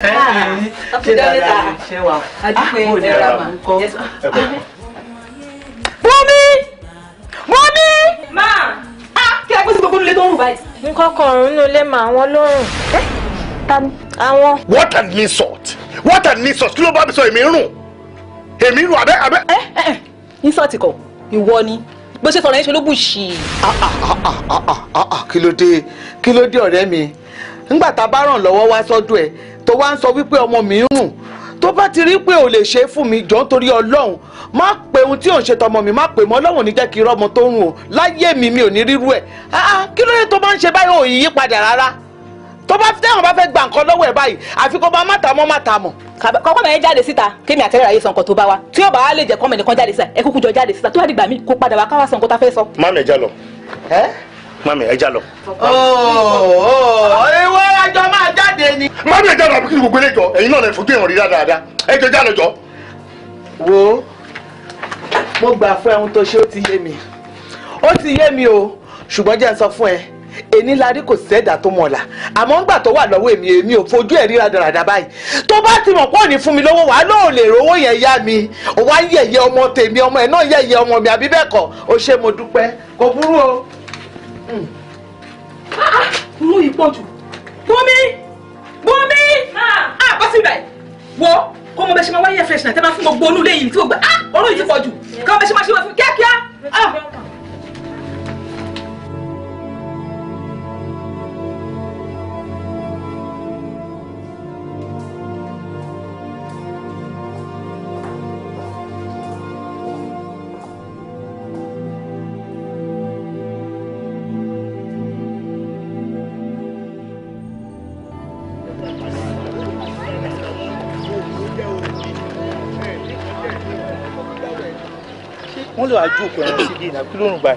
Ah, ṣe dáadáa ṣe ah, ah, eh? what an insult what an insult kí ló bá mi sọ èmi rùn èmi rùn abẹ́ abẹ́. ẹ eh, ẹ eh, insult kọ ìwọ ni bó ṣe sọ̀rọ̀ yẹn ṣe ló bù sí i. kí ló kí ló dé ọ̀rẹ́ mi ńgbà tá a bá ràn lọ́wọ́ wá sọ́dọ̀ ẹ̀ tó wá ń sọ wípé ọmọ mi ń rùn tó bá ti rí pé ò lè ṣe é fún mi jọ̀ọ́ nítorí ọlọ́run má pe ohun tí ò ń ṣe tọmọ mi má pe mọ́ ọlọ́run ní jẹ́ kí irọ́ ọmọ tó ń rùn o láyé mi mi ò ní rírú ẹ̀ kí ló dé tó bá ń ṣe báyìí ò yí yí padà rárá tó bá tẹ́wọ̀n bá fẹ́ gba nǹkan lọ́wọ́ ẹ̀ báyìí àfi kó bá má ta mọ́ má ta mọ̀. kọ́kọ́ bẹ̀rẹ̀ jáde síta kémi àtẹ́rẹ́ ayé sọ nǹkan tó bá wa tí yóò bá wa lè jẹ́ kọ́mọ̀ nìkan jáde síta ẹ kúkú jọ jáde síta tó bá dìgbà mí kó padà wá káwá sọ nǹkan tá a fẹ́ sọ. má mi jà lọ. ẹ mami ẹ já lọ. Oh, oh, ìwọ ẹjọ máa jáde ni. mami ẹ já lọ àbí kí ni gbogbo eléjọ ẹ̀yin náà lè fojú ẹ̀hàn rí dáadáa ẹjọ já lọ jọ. wo mo gbà fún ẹhun tó ṣe ó ti yé mi ó ti yé mi o ṣùgbọ́n jẹ́ n sọ fún ẹ èní la rí kò sẹ́dà tó mọ̀ la àmọ́ ńgbà tó wà lọ́wọ́ èmi èmi ò fojú ẹ̀ ríra dáradára báyìí tó bá ti mọ̀ pọ̀ ní fún mi lówó wàá lóò lè rówó yẹn yá mi wàá yẹ̀yẹ́ ọmọ tèmi ọmọ ẹ̀ náà yẹ̀yẹ́ ọmọ mi àbí bẹ́ẹ̀ kọ́ o ṣé mo dúpẹ́ kò burú o mú ìpọ̀ jù bómi bómi àpọ́sí ibà wọ kó mo bẹ ṣe máa wáyé fresh náà tẹ́ bá fún gbogbo onú lẹ́yìn tí o gbà ọ̀run yìí ti pọ̀ jù kí wọ́n bẹ ṣe máa ṣe wọ́n fún kíákíá. Ah! wọ́n lè wá ju òkú ẹran síbi ìnà kí ló ń gbà.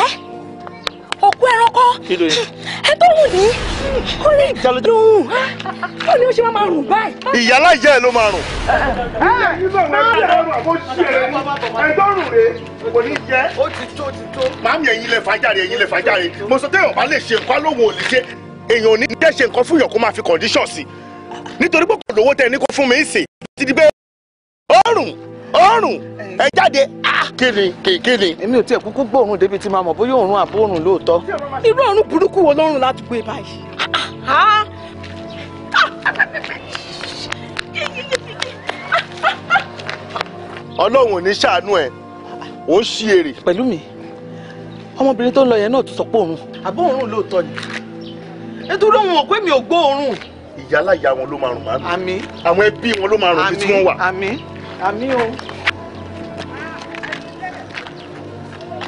ẹ òkú ẹran kọ ẹ tó wù ní kó lè dùn kó ni ó ṣe máa rùn báyìí. ìyálà ìyá ẹ ló máa rùn. ó ti tó ti tó. màámi ẹ̀yin lè fàájàre ẹ̀yin lè fàájàre mo sọ téèyàn bá lè ṣe nǹkan lóhùn òlìṣe èèyàn ò ní dẹ́ ṣe nǹkan fún yàn kó máa fi condition sí nítorí pé kò lówó tẹ ní kó fún mi ń sè títí pé oorun oorun ẹ jáde kíni ah, kíni. èmi ò tiẹ̀ kúkú gbóòórùn débi tí màá mọ̀ bóyá òórùn àbóòórùn lóòótọ́. irú òórùn burúkú wo lọ́rùn láti gbé báyìí. Ah, ah. ọlọ́run ò ní ṣàánú ẹ̀ ó ṣí èrè. pẹ̀lú mi ọmọbìnrin tó ń lọ yẹn náà tún sọ pé òórùn. àbóòórùn lóòótọ́ ni nítorí òun ò pé mi ò gbóòórùn. ìyálà ìyá wọn ló máa rùn màmí àwọn ẹbí wọn ló máa rùn bí tí wọ́n wà. àmín àmín àmì o.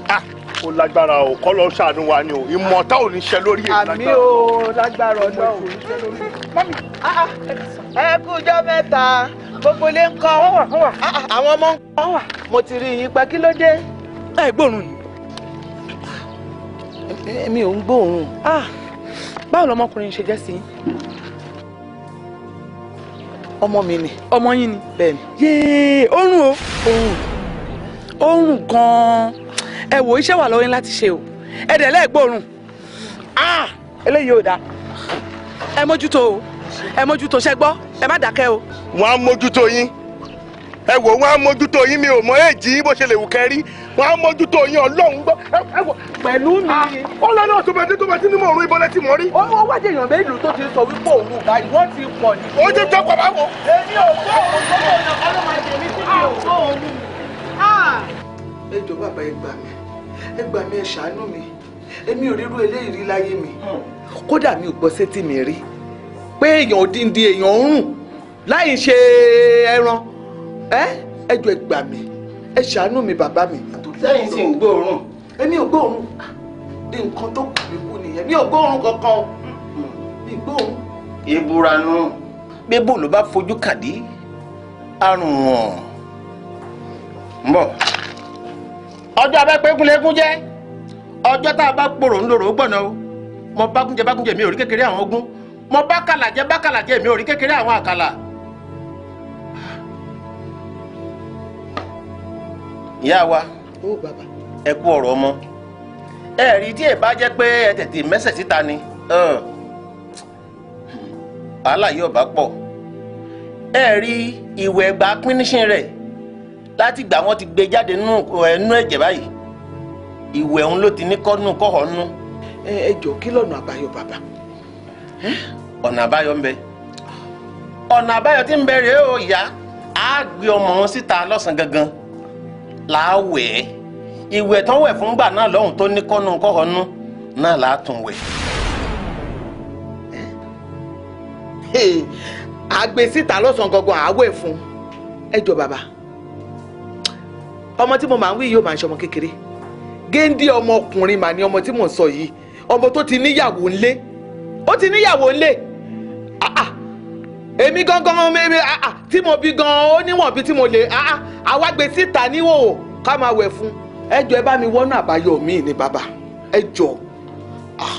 Ah, ó lágbára o kọ́ lọ ṣàánú wa ni o ìmọ̀ta ò ní ṣe lórí èyí lágbára. àmì o lágbára ọ̀dọ́ o. mọ́mí ẹ kú ọjọ́ mẹ́ta gbogbo ilé ń kọ́ ah, ah, àwọn ọmọ ń kọ́ mo ti rí yín pa kí ló dé. ẹ gbóòórùn ni. èmi ò ń gbóòórùn. báwo lọmọkùnrin ṣe jẹ́ sí i ọmọ mi ni. ọmọ yín ni. bẹ́ẹ̀ni. yéé oorun o oorun oorun gan-an ẹ wò iṣẹ́ wà lọ́wọ́ yín láti ṣe o ẹ dẹ̀ lẹ́ẹ̀gbọ́rùn ah eléyìí ò dáa ẹ mójútó o ẹ mójútó ṣẹ gbọ́ ẹ má dákẹ́ o. wọ́n á mójútó yín ẹ wò wọn á mójútó yín mi ò mọ èjì bó ṣe lè wù kẹrí wọn á mójútó yín Ọlọ́run gbọ́ ẹ wò pẹ̀lú mi. ó lọ náà tó bá tó bá dé ní mò ń rú ibọlẹ tí mo rí. ó wá jẹ èèyàn mélòó tó ti sọ wípé òun ò báyìí wọn ti pọ̀ ní. ó jẹ jọ pàpà èmi ò gbọ́ òun tó kọ̀ ọ̀nà ọlọ́run àjẹ mi sí mi ò gbọ́ òun. ẹ jọ bàbá ẹ gbà mí ẹ gbà mí ẹ ṣàánú mi èmi ò rírú eléyìí láyé mi kódà mi ò gbọ́ sétí mi rí pé èèyàn òdìndín èèyàn ń láì ṣe ẹran ẹ ẹ jọ ẹ ẹ ṣàánú mi bàbá mi. sẹ́yìn sì ń gbóòórùn. èmi ò gbóòórùn ní ah, nǹkan tó kù mí kú nìyẹn mi ò gbóòórùn kankan mi gbóòórùn. ìburanú bébò ló bá fojú kàdí àrùn hàn ń bọ̀. ọjọ́ jẹ́ ọjọ́ tá a bá mo bá kúnjẹ mi ò rí kékeré àwọn mo bá kàlà mi ò rí kékeré àwọn ìyá wa ẹ kú ọ̀rọ̀ ọmọ ẹ rí tí ẹ bá jẹ́ pé ẹ tètè mẹ́sẹ̀ síta ni wàhálà yóò bá pọ̀ ẹ rí ìwẹ̀ ẹgbàá pínísìn rẹ̀ láti gbà wọ́n ti gbé e jáde nínú ẹ̀jẹ̀ báyìí ìwẹ̀ òun ló ti ní kọ́nù kọ́họ́nù. ẹ jọ kí lọ́nà àbáyọ bàbá. ọ̀nà àbáyọ ń bẹ ọ̀nà àbáyọ tí ń bẹ rèé o ìyá á gbé ọmọ wọn síta lọ́sàn-án gangan láàwẹ̀ ìwẹ̀ tán wẹ̀ fúngbà náà lọ́hùn tó ní kọ́nu kọ́hónú náà látún wẹ̀. àgbèsíta lọ́sàn-án gangan àwẹ̀ fún ẹ jọ bàbá ọmọ tí mo máa ń wí yìí ó máa ń ṣe ọmọ kékeré géńdé ọmọkùnrin mà ní ọmọ tí mò ń sọ yìí ọmọ tó ti níyàwó ńlé ó ti níyàwó ńlé ah, ah. èmi gangan ah, tí mo bí gan ó níwọ̀n bí tí mo lè àwa gbé síta níhòòhò ká máa wẹ̀ fún ẹ jọ̀ọ́ ẹ bá mi wọ́nà àbáyọ mi ní bàbá ẹ jọ̀ọ́. Ah.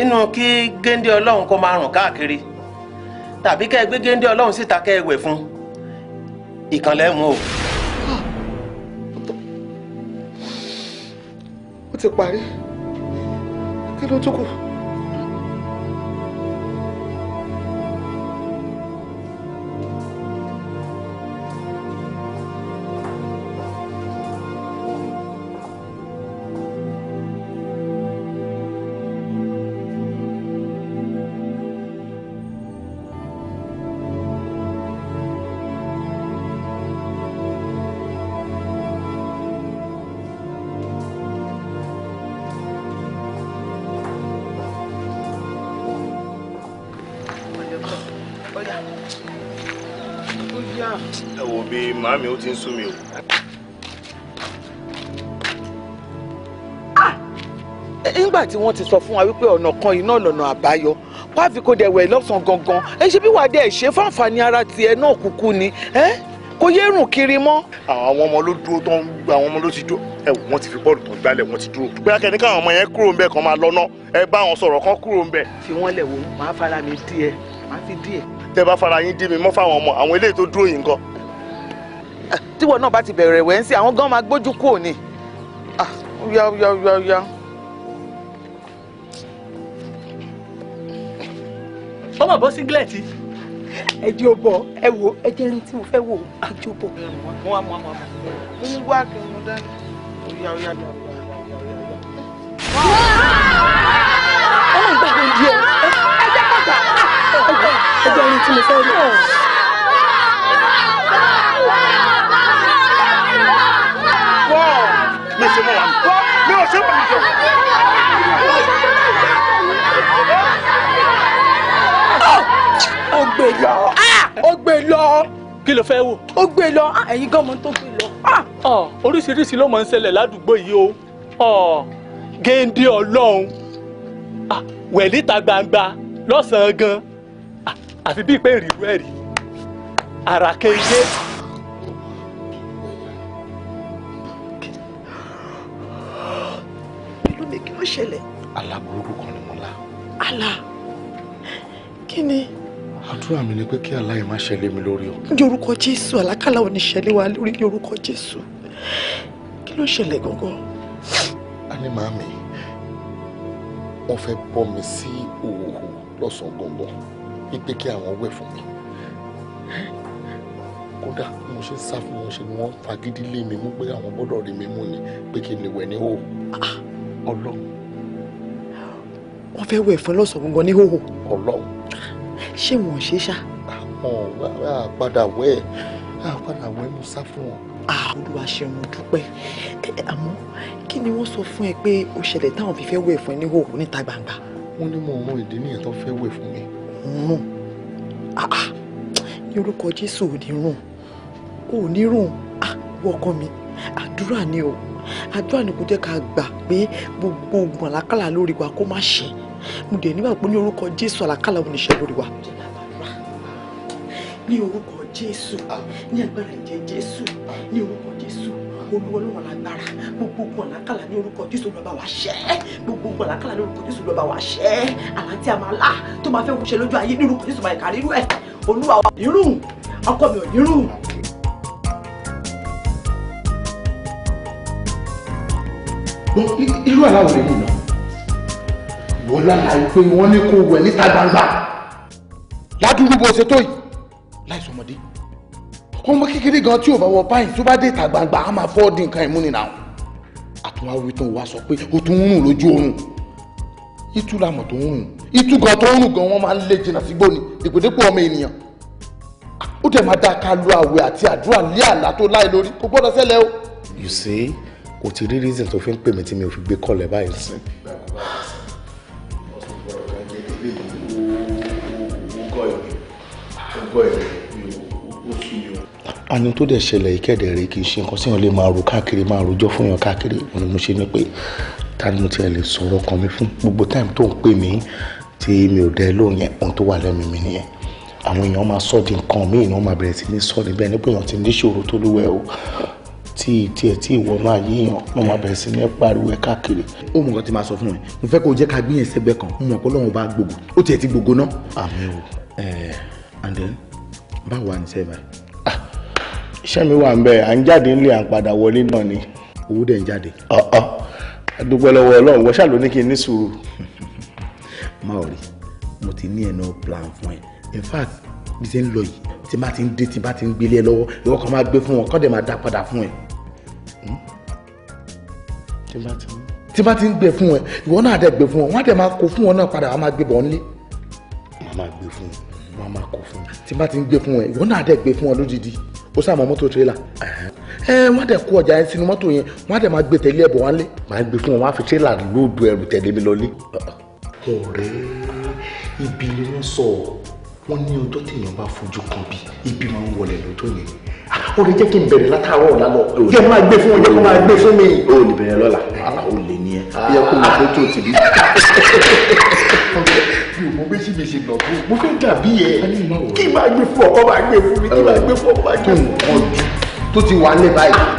inú kí géńdé ọlọ́run kó máa rùn káàkiri tàbí kẹ́ ẹ gbé géńdé ọlọ́run síta kẹ́ ẹ wẹ̀ fún ìkànlẹ̀ mú o. ó ti parí kí ló tún kù. ti ń sú mi o. Ah! nígbà tí wọ́n ti sọ fún wa wípé ọ̀nà kan iná lọ́nà àbáyọ wá fi kó dẹ̀wẹ̀ lọ́sàn-án gangan ẹ ṣe bí wàá dẹ̀ ṣe fáǹfààní ara tiẹ̀ náà kúkú ni kò yé rùn kiri mọ́. àwọn ọmọ ló dúró tó ń gba àwọn ọmọ ló ti dúró ẹ wò wọ́n ti fi bọ́ọ̀lù tó ń gbálẹ̀ wọ́n ti dúró. bóyá kẹ́ni káwọn ọmọ yẹn kúrò ń bẹ̀ kàn máa lọ́nà ẹ bá wọn sọ̀rọ̀ kán kúrò ń bẹ̀. fi wọn lẹ wo màá fara mi díẹ̀ màá fi díẹ̀. tẹ bá fara yín dí mi mọ́ fáwọn ọmọ àwọn eléyìí tó dúró yìí nǹkan tíwọ náà bá ti bẹ̀rẹ̀ wẹ̀ ń sí àwọn gan máa gbójú kúrò ni yá yá yá yá. ọmọ bọ́ síngilẹ̀tì. ẹ jẹ́ bọ̀ ẹ wo ẹ jẹ́ ní tí mo fẹ́ wò ẹ jẹ́ bọ̀. mo ọmọ ìgbà wo ẹ ẹ jẹ́ ẹ jẹ́ ní tí mo fẹ́ wò. ó gbé lọ ah! ó gbé lọ. kí ló fẹ́ wò. ó gbé lọ ah, ẹ̀yin gan mọ̀ tó gbé lọ. Ah! Oh, oríṣiríṣi ló máa ń ṣẹlẹ̀ ládùúgbò yìí o oh, géńdé ọlọ́run wẹ̀líta gbangba lọ́sàn-án gan àfi bíi pé ìrìlú ẹ̀rí àràkéńké. pẹ̀lú mi kí ló ṣẹlẹ̀. aláburúkú kan ni mo lá. àlá kí ni àdúrà mi ni pé kí aláì má ṣẹlẹ̀ mi lórí o. ní orúkọ jésù àlákàlà ò ní ṣẹlẹ̀ wa lórí ní orúkọ jésù kí ló ṣẹlẹ̀ gangan. a ní màámi wọ́n fẹ́ bọ́ mi sí òwò lọ́sàn-án gangan wípé kí àwọn wẹ̀ fún mi kódà mo ṣe ń sá fún wọn ṣe ni wọ́n fagídí lé mi mú pé àwọn gbọ́dọ̀ rí mi mú ni pé kí n lè wẹ̀ ní hò ah. ọlọ́run. wọ́n fẹ́ wẹ̀ fún lọ́sàn gangan ní hò. ọlọ́run ṣé wọn ò ṣe ṣá. àwọn àpadà wẹ àpadà wẹ mo sá fún wọn. olúwa ṣeun dúpẹ́ àmọ́ kí ni wọ́n sọ fún ẹ pé o ṣẹlẹ̀ táwọn fi fẹ́ wẹ̀ fún ẹ ní hòhò níta gbangba. wọ́n ní mo rún ìdí nìyẹn tó fẹ́ wẹ̀ fún mi. rún ní orúkọ jésù ò ní rún ò ní rún wọ́kọ́ mi àdúrà ni o àdúrà ni kò jẹ́ ká gbà pé gbogbo oògùn àlákàlà lórí wa kó má ṣe mo dẹ̀ nígbàgbọ́ ní orúkọ jésù àlàkàlà oníṣẹ́ lórí wa ní orúkọ jésù ní agbára ìjẹ jésù ní orúkọ jésù olúwa ló wà lágbára gbogbo ogun àlákàlà ní orúkọ jésù ló bá wa ṣẹ gbogbo ogun àlákàlà ní orúkọ jésù ló bá wa ṣẹ àlá tí a tó máa fẹ́ wọ́n lójú ayé ní orúkọ jésù máa kà irú àláwọ̀ rẹ̀ nìyẹn mo lálàá wípé wọ́n ní kó wẹ̀ níta gbangba ládùúgbò bó ṣe tó yìí láìsọ ọmọdé ọmọ kékeré gan tí ò bá wọ páyìn tó bá dé ìta gbangba á máa fọ́ dín nǹkan ìmúni náà àtúnwá tó wá sọ pé ó tún ń rùn lójú oorun ìtú lamọ̀ tó ń rùn ìtú gan tó ń rùn gan wọ́n máa ń lé jìnnà sígbó ni ìpèdépò ọmọ ènìyàn ó dẹ̀ máa dáa ká lu àwẹ̀ àti àdúrà lé àlá tó láì lórí kò gbọ́dọ̀ ṣẹlẹ̀ o. you see kò ti rí reason tó fi ń pè mí tí mi ò fi gbé kọ́lẹ̀ báyìí sí. gbọ́ ẹ̀ ó sú mi o. àní tó dẹ̀ ṣẹlẹ̀ ìkẹ́dẹ̀ rẹ̀ kì í ṣe nǹkan tí wọ́n lè máa ro káàkiri máa rojọ́ fún yàn káàkiri ni mo ṣe ni pé ta ni mo tiẹ̀ lè sọ̀rọ̀ kan mi fún gbogbo táìmù tó ń pè mí tí mi ò dẹ lóhùn yẹn ohun tó wà lẹ́nu mi nìyẹn àwọn èèyàn máa sọ di nǹkan míì ni wọ́n máa bẹ̀rẹ̀ sí ní sọ níbẹ̀ nípa èèyàn ti ní ìṣòro tó lúwẹ̀ o tí tiẹ̀ tí ìwọ máa yíyàn ló máa bẹ̀rẹ̀ sí ní pariwo ẹ̀ káàkiri. ó mọ̀ nǹkan tí màá sọ fún ẹ mo fẹ́ kó o jẹ́ ká gbìyànjú sẹ́gbẹ́ kan mo mọ̀ pé ọlọ́run bá gbogbo ó tiẹ̀ ti gbogbo náà. àmín o and then báwo à ń ṣe báyìí. Ah, iṣẹ́ mi wà ń bẹ̀ à ń jáde nílé à ń padà wọlé náà ni. owó dẹ̀ ń jáde. ọ̀ọ́ ah, adúpẹ́ ah, lọ́wọ́ ọlọ́run wọ́n ṣàlóní kí n ní sùúrù. máa rí mo ti ní ẹ̀nà plan fún ẹ in fact bí ṣe ń lọ yìí tí bá ti ń dé tí bá ti ń gbélé ẹ lọ́wọ́ ìwọ kan máa gbé fún wọn kọ́ máa dá padà fún ẹ. Hmm? tí bá ti ń gbé fún ẹ ìwọ náà dẹ̀ gbé fún wọn wọ́n á dẹ̀ máa kó fún wọn náà padà wọ́n máa gbé bọ̀ ọ́n lé. màá máa gbé fún wọn wọn máa kó fún mi tí bá ti ń gbé fún ẹ ìwọ náà dẹ̀ gbé fún ọ lódìdí ó sàmọ mọ́tò tírélà ẹ wọn dẹ̀ kó ọjà yẹn sínú mọ́tò yẹn wọn dẹ̀ máa gbé tẹ̀lé ẹbọ wálé máa gbé fún ọ wọn á fi tírélà lóòdù ẹrù tẹ̀lé mi lọlé. ọ̀rẹ́ ibi ni wọ́n sọ wọ́n ní ọjọ́ téèyàn bá fojú kan bí ibi máa ń wọlé lọ́jọ́ yẹn ah, ó lè jẹ́ kí n bẹ̀rẹ̀ látàárọ̀ ọ̀la yẹ máa gbé fún yẹ kó máa gbé fún mi. o ò lè bẹ̀rẹ̀ lọ́la ala ah, ò lè ní ẹ yẹ kó máa fojú òtí bí mo bẹ sí bèsè lọ fún mo fẹ́ dàbí ẹ kí n máa gbé fún ọkọ máa gbé fún mi kí n máa gbé fún ọkọ máa gbé fún mi. tó ti wà lẹ́ báyìí. Yeah.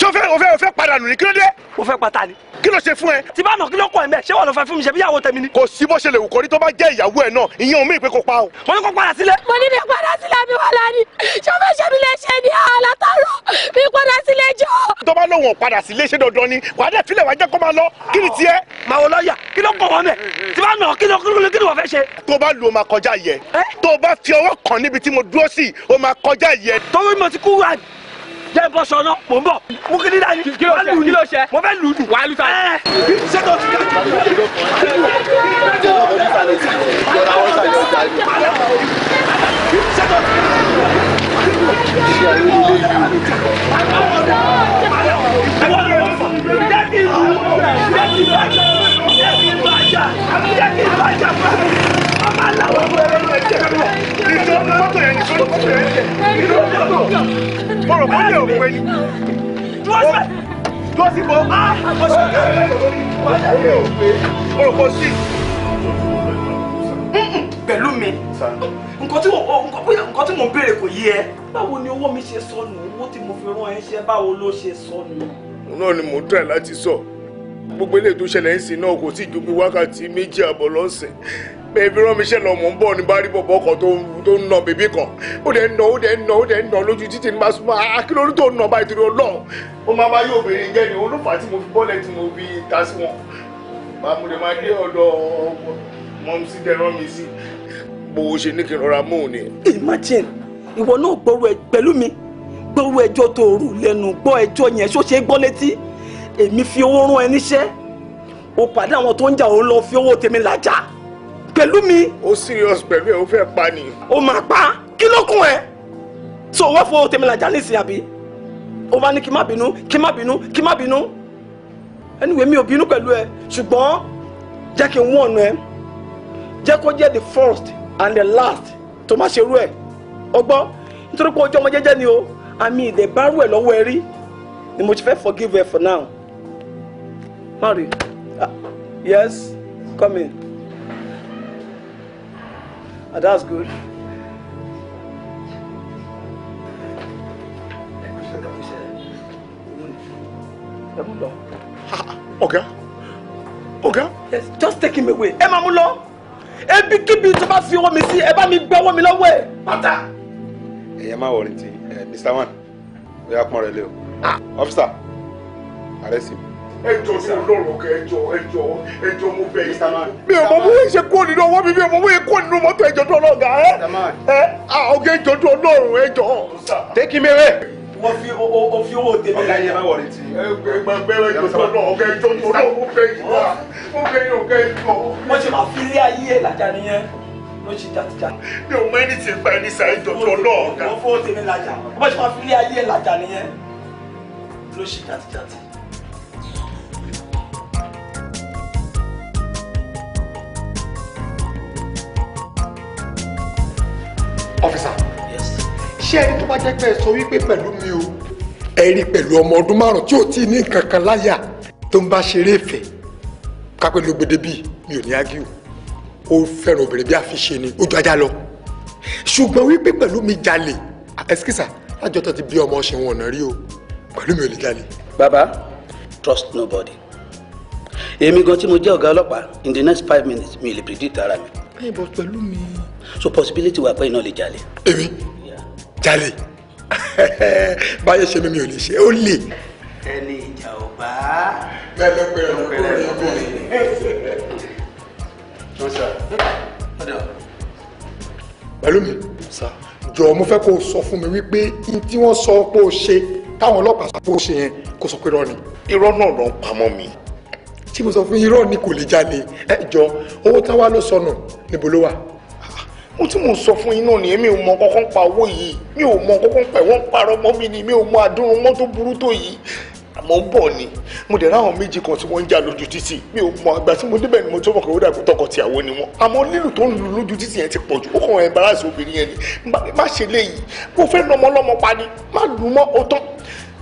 ṣé o fẹ́ o fẹ́ o fẹ́ padà nù ní kí ló dé. o fẹ́ pata ni. kí ló ṣe fún ẹ. tí bá nà kí ló kọ ẹ mẹ ṣé wà ló fẹ́ fún mi ṣe bí ìyàwó tèmi ni. kò sí bó ṣe lè wù kórí tó bá jẹ́ ìyàwó ẹ náà ìyẹn omi ìpè kò pa o. mo ní kó padà sílé. mo ní mi padà sílé mi wà lánìí ṣé o fẹ́ ṣe mi léṣe ni àlátàrọ mi padà sílé jọ. tó bá lóun padà sílé ṣe dandan ni wàá dẹ filẹ̀ wàá jẹ́ kó máa lọ kí jẹ́ bọ́ sọ̀nà mò ń bọ̀ mú kí dídá ni wà á lù ní mo fẹ́ lù ú dùn. wà á lù ta sẹ́tọ̀ ti ká sẹ́tọ̀ ti ká. Jẹ́ kí n bàjá, jẹ́ kí n bàjá fún mi mọ̀rọ̀ kọ́ lè òpin ni. Dúró sí bọ̀ á ọ̀sẹ̀ kẹ́lẹ́ lè òpin. Mọ̀rọ̀ kọ́ sí. Pẹ̀lú mi, nǹkan tí mò ń béèrè kò yé ẹ. Báwo ni owó mi ṣe sọnù? Owó tí mo fi rán ẹ ṣe báwo ló ṣe sọnù? Òun náà ni mò ń tẹ̀ láti sọ. Gbogbo eléyìí tó ṣẹlẹ̀ ń sìn náà kò sí ju bí wákàtí méjì àbọ̀ lọ́sẹ̀ bẹẹbi rán mi iṣẹ́ lọ mò ń bọ̀ ní bá rí kan tó ń nà bèbí kan ó dẹ̀ ń ó dẹ̀ ń ó dẹ̀ ń lójú títì ní masuma akílórí tó ń báyìí torí Ọlọ́run ó máa bá yóò bèrè jẹ́ ni olùfà tí mo fi bọ́lẹ̀ tí mo fi ta sí wọn bàmùdè máa dé ọ̀dọ̀ mọ̀mùsí tẹ rán mi sí bó o ṣe ní kí n rọra mú un ni. imagine ìwọ náà gbọ́rọ̀ ẹ̀ pẹ̀lú mi gbọ́rọ̀ ẹjọ́ tó rù lẹ́nu gbọ́ ẹjọ́ yẹn ṣó ṣe gbọ́ létí èmi fi owó rán ẹ níṣẹ́ o pàdé àwọn tó ń jà òun lọ fi owó tèmi làjà pẹ̀lú mi. ó serious pẹ̀lú ẹ̀ ó fẹ́ pa ni. ó máa pa kí ló kún ẹ. so wọ́n fọ tèmílàjà ní ìsìn àbí. ó wá ní kí má bínú kí má bínú kí má bínú. anyway mi ò bínú pẹ̀lú ẹ ṣùgbọ́n jẹ́ kí n wọ̀n ọ̀nà ẹ jẹ́ kó jẹ́ the first and the last tó má ṣerú ẹ̀ ọgbọ́n nítorí pé ojú ọmọ jẹ́jẹ́ ni o àmì ìdẹ̀ bá rú ẹ̀ lọ́wọ́ ẹ rí ni mo ti fẹ́ forgive her for now. Mary, ah, yes, come in. Oh, that's good. Ọ̀gá. Ọ̀gá. Yes, just take him away. Ẹ máa mú lọ. Ebi kíbi tó bá fi ọwọ́ mi sí, ẹ bá mi gbé ọwọ́ mi lọ́wọ́ ẹ̀. Pátá. Ẹ̀yẹ máa wọ̀rìn tí eh, Mr. Wan, we yà pọ́n rẹ̀ lé o. Ọ́físà, ah. arrest him ẹjọ́ ní Ọlọ́run ọkẹ ẹjọ́ ẹjọ́ ẹjọ́ mo bẹ̀ yìí. mi ò mọ bóyá ṣe kó nínú ọwọ́ mi mi ò mọ bóyá kó nínú mọ́tò ẹjọ́ tó lọ́gà ẹ ẹ ọgẹ ẹjọ́ tó Ọlọ́run ẹjọ́. tẹ́kí mẹ́rẹ̀. mo fi o fi owó tèmi ká yẹ báwọ̀ létí. ẹgbẹ̀rẹ̀ ẹjọ́ tó lọ tó lọ mo bẹ̀ yìí wá mo bẹ̀ yìí ọkẹ ẹjọ́. mi ò mọ ẹni tí ń pa ẹni sáré jọjọ náà. mo fọwọ́ tèmi làjà mo ṣe máa fi ilé ayé ẹ̀ nìyẹn ló ṣe ẹni tó bá jẹ́ pé ẹ sọ wípé pẹ̀lú mi o ẹ rí pẹ̀lú ọmọ ọdún márùn tí ò tí ní nǹkan kan láyà tó ń bá ṣeré ìfẹ́ kápẹ́ ló gbede bíi mi ò ní ágíù ó fẹ́ràn obìnrin bí àfiṣe ni ojú ajá lọ ṣùgbọ́n wípé pẹ̀lú mi jalè ẹsikísà lájọ tó ti bí ọmọ ṣe wọn ọ̀nà rí o pẹ̀lú mi ò lè jalè. baba trust nobody èmi gan tí mo jẹ́ ọ̀gá ọlọ́pàá in the next five minutes mi ò lè predict ara mi. ẹ bọ pẹ̀lú mi. so possibility wà pé iná lè jalè. èmi jalè báyé ṣe mi mi ò lè ṣe ó lè. ẹni ìjà ò bá. bẹ́ẹ̀ ló pẹ̀lú ọkùnrin ọkùnrin. pẹ̀lú mi jọ̀ọ́ mo fẹ́ kó o sọ fún mi wípé n tí wọ́n sọ pé o ṣe táwọn ọlọ́pàá sọ pé o ṣe yẹn kó sọ pé irọ́ ni. irọ́ náà ló ń pamọ́ mi. tí mo sọ fún irọ́ ni kò lè jalè ẹ jọ owó táwa ló sọnù níbo ló wà mo tí mo sọ fún yín náà ni èmi ò mọ kankan pa owó yìí mi ò mọ kankan pa wọn parọ́ mọ́ mi ni mi ò mọ àdúrún mọ́ tó burú tó yìí àmọ́ ń bọ̀ ni mo dẹ̀ ráwọn méjì kan tí wọ́n ń jà lójú títì mi ò mọ àgbà tí mo débẹ̀ ni mo tó mọ̀ pé ó dàgbò tọkọtìyàwó ni wọn àmọ́ lílù tó ń lu lójú títì yẹn ti pọ̀ jù ó kàn ẹ̀ bára obìnrin yẹn ni má ṣe léyìí mo fẹ́ nọmọ lọ́mọ pa ni má lù mọ́ ó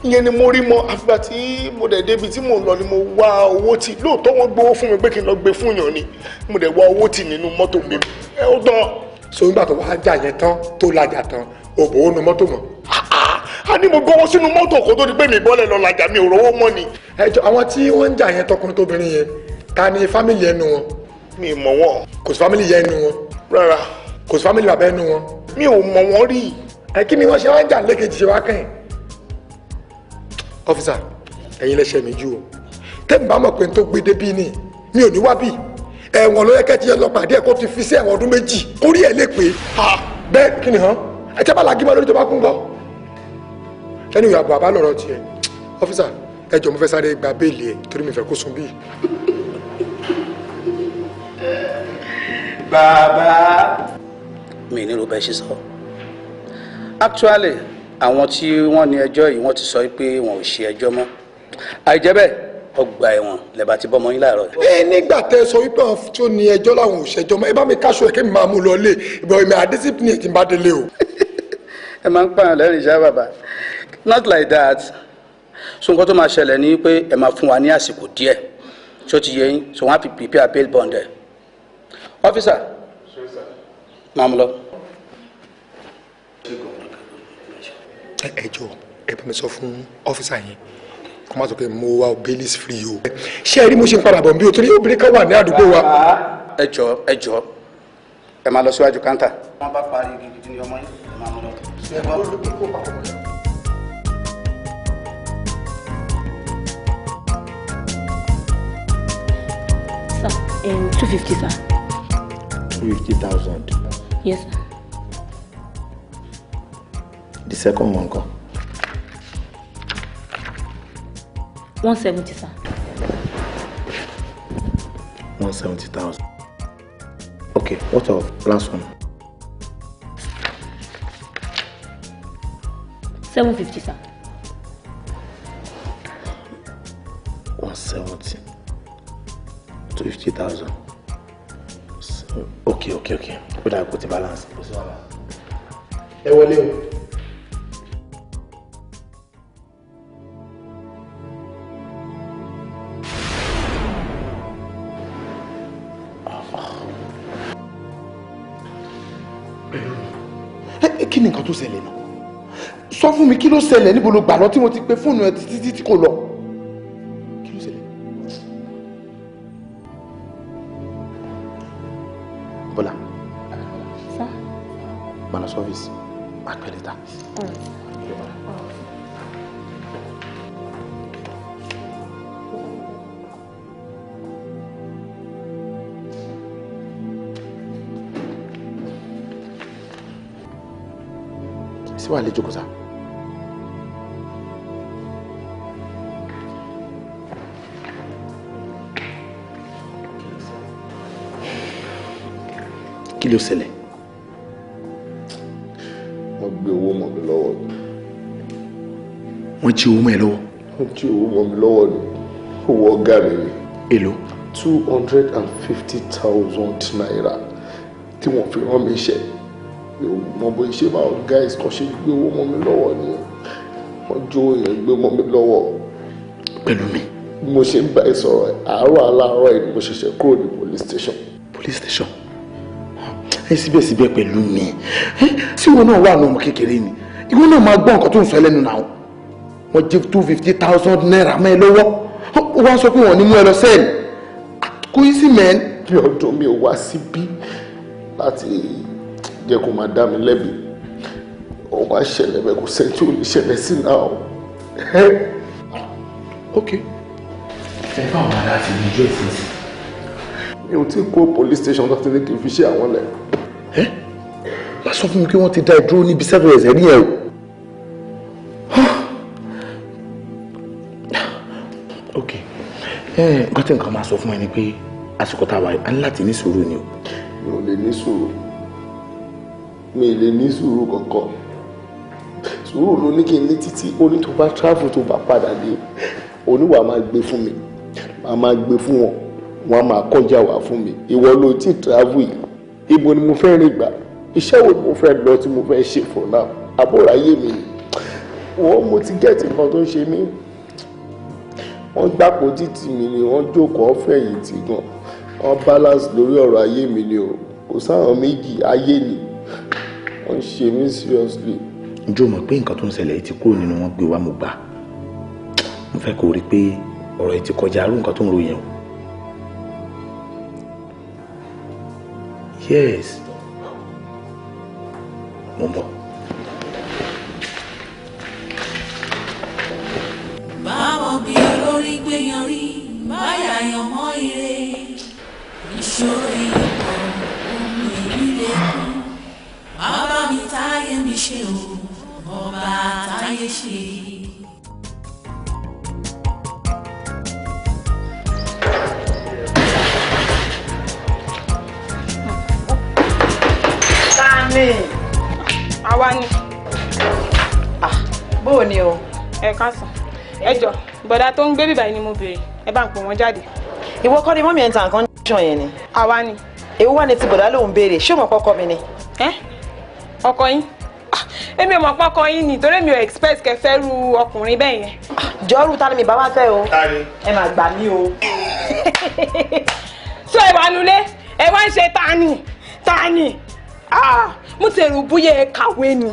ìyẹn ni mo rí mọ àgbà tí mo dẹ̀ débi tí mo lọ ni mo wá owó tì lóòótọ́ wọn gbowó fún mi pé kí n lọ gbé fún yàn ni mo dẹ̀ wá owó tì nínú mọ́tò mi ẹ ó tán so nígbà tó wá jà yẹn tán tó lajà tán òbò ó nu mọ́tò mọ́ a ní mo gbọ́wọ́ sínú mọ́tò kó tó di pé mi bọ́lẹ̀ lọ lajà mi ò rówó mọ́ ni. ẹ jọ àwọn tí wọ́n ń jà yẹn tọkùnrin tóbìnrin yẹn ta ni fámìlì ẹnu wọn. mi mọ̀ wọ́n. kò sí fámìlì yẹn ẹnu wọn. rárá. kò sí fámìlì bàbá ẹnu wọn. mi ò mọ̀ wọ́n rí. ẹ kí ni wọ́n ṣe wá ń jà lékejì ṣe wá kàn yín. ọ́fíìsà ẹ̀yin lẹ́sẹ̀ mi jù o tẹ́mi bá mọ̀ pé n tó gbé débí ni mi ò ní wá bíi ẹ̀wọ̀n ló yẹ kẹ́ ti yẹ lọ pàdé ẹ̀ kó ti fi sí ẹ̀wọ̀n ọdún méjì orí ẹ̀ lè pé bẹ́ẹ̀ kí ni hàn ẹ tẹ́ bá làgímọ̀ lórí tó bá kún gbọ́ lẹ́nu ìyàbọ̀ àbá lọ̀rọ̀ tiẹ̀ ọ́fíìsà ẹ jọ̀ọ́ mo fẹ́ sáré gba béèlì ẹ̀ torí mi fẹ́ kó sun bíi. bàbá. mi ní ló bẹ ṣe sọ actually àwọn tí wọ́n ní ẹjọ́ yìí wọ́n ti sọ pé wọn ò ṣe ẹjọ́ mọ́ àìjẹ́ bẹ́ẹ̀ ọgbà ẹ̀wọ̀n lẹba ti bọmọ yín láàárọ̀. ẹ nígbà tẹ sọ wípé àwọn tí ó ní ẹjọ́ làwọn ò ṣẹjọ́ mọ́ ẹ bá mi káṣọ ẹ kí mi máa mú lọ lé ìbọn ìmọ̀ àdísípìnì ẹ̀ tí bá délé o. ẹ máa ń pààyàn lẹ́rìn iṣẹ́ bàbá not like that so nǹkan tó máa ṣẹlẹ̀ ni pé ẹ máa fún wa ní àsìkò díẹ̀ tí ó ti yẹ yín so wọ́n á fi prepare bail bond ẹ̀ ọ́fíìsà máa mú lọ. ẹ jọ ẹ bá mi sọ fún ọ́fíìsà yẹn kó má sọ pé mo wá bailey's free o. ṣé ẹ rí mo ṣe ń padà bọ̀ bí o torí obìnrin kan wà ní àdúgbò wa. ẹ jọ ẹ jọ ẹ máa lọ síwájú káńtà. wọn bá parí gidi ní ọmọ yìí ẹ máa lọ. ṣé ẹ bá wọlé kó papọ̀. um, 250, sir. 250,000? Yes, sir. The second one, come. one seventy sir. one seventy thousand. okay what of last one. seven fifty sir. one seventy two fifty thousand. okay okay okay ó dàgbò the balance. ẹ wọlé o. nǹkan tó ṣẹlẹ̀ náà sọ fún mi kí ló ṣẹlẹ̀ níbo ló gbà lọ tí mo ti pe fóònù ẹ títí tí kò lọ. kí ló ṣẹlẹ̀. bọ́lá bọ́lá sọ́fíìsì máa pẹ́ sí wàá lè jókòó sá. kí ló ṣẹlẹ̀. wọ́n gbé owó mọ̀ mi lọ́wọ́ ni. wọ́n jí owó mọ̀ ẹ lọ́wọ́. wọ́n jí owó mọ̀ mi lọ́wọ́ ni owó ọ̀gá mi ni. èló. two hundred and fifty thousand naira tí wọ́n fi rán mi pé ó mọ bó ṣe máa ń ga ẹ̀sìn kan ṣe gbé owó mọ́ mi lọ́wọ́ ni wọ́n jó yẹn gbé mọ́ mi lọ́wọ́ pẹ̀lú mi. bí mo ṣe ń bá ẹ sọ̀rọ̀ àárọ̀ aláàárọ̀ ẹ̀ ni mo ṣẹ̀ṣẹ̀ kúrò ní police station. police station ẹ síbẹ̀síbẹ̀ pẹ̀lú mi tí wọn náà wà ní ọmọ kékeré ni ìwọ náà máa gbọ́ nǹkan tó ń sọ ẹlẹ́nu náà wọ́n jẹ́ two fifty thousand naira mẹ́ lọ́wọ́ wọ́n sọ pé wọ́n ní mú ẹ lọ sẹ́ẹ̀lì ah, kò í sí mẹ́ẹ̀ẹ́. bí ọdún mi ò wá síbí láti jẹ́ kó máa dá mi lẹ́bi ó máa ṣẹlẹ̀ bẹ́ẹ̀ kò sẹ́ni tí ò lè ṣẹlẹ̀ sí náà o. ok. ẹ bá wọn láti ní ijó ìsinsìn. mi ò tí kó police station láti ní kí n fi ṣe àwọn lẹ. ẹ má sọ fún mi pé wọ́n ti dá ẹ dúró níbi severance ẹ̀rí ẹ̀ o. ok nǹkan tí nǹkan máa sọ fún ẹ ni pé àsìkò tá a wà á ní láti ní sùúrù ni o. mi ò lè ní sùúrù mi lè ní sùúrù kankan sùúrù ló ní kí n ní títí oní tó bá travel tó bá padà dé oníwà máa gbé fún mi màá máa gbé fún wọn wọn máa kọjá wá fún mi ìwọ ló ti travel yìí ibo ni mo fẹ́ rìn gbà iṣẹ́ wo ni mo fẹ́ lọ tí mo fẹ́ ṣe for now àbúrò ayé mi ni wọ́n mo ti gẹ̀ẹ́tì nǹkan tó ń ṣe mí wọ́n gbàpò títì mi ni wọ́n jókòó fẹ̀yìntì gan wọ́n balance lórí ọ̀rọ̀ ayé mi ni o kò sáwọn méjì ayé ni wọ́n ṣe mí seriously. ǹjẹ́ o mọ̀ pé nǹkan tó ń ṣẹlẹ̀ yìí ti kúrò nínú wọn gbé wa mo gbà mo fẹ́ kó rí i pé ọ̀rọ̀ yìí ti kọjá arú nǹkan tó ń ro o. yes mo mọ̀. báwọn bí olórí gbé rí báyà yan mọ́ ire ìṣòro yìí. bàbá mi táyé mi ṣe o ọba táyé ṣe. tani àwa ni. bó o ni o. ẹ káàsán ẹ jọ bọ̀dá tó ń gbé bíbáyìí ni mo béèrè ẹ bá ń pè wọ́n jáde. ìwọ kọ́ ni mọ́mí ẹ̀ ń ta nǹkan ṣan yẹn ni. àwa ni. èwo wá ni ti bọ̀dá lòun béèrè ṣé o mọ̀ kọ́kọ́ mi ni. ẹ ọkọ yín ah, èmi ò mọ̀ pọ́n kan yín ni torí mi ò expect kẹ fẹ́ ru ọkùnrin bẹ́ẹ̀ yẹn. jọ́rù ta mi bá wá fẹ́ o ẹ máa gbà mí o. so ẹ wà nulẹ̀ ẹ wá ń ṣe tani tani ah, mo ti rò bóyá kàwé ni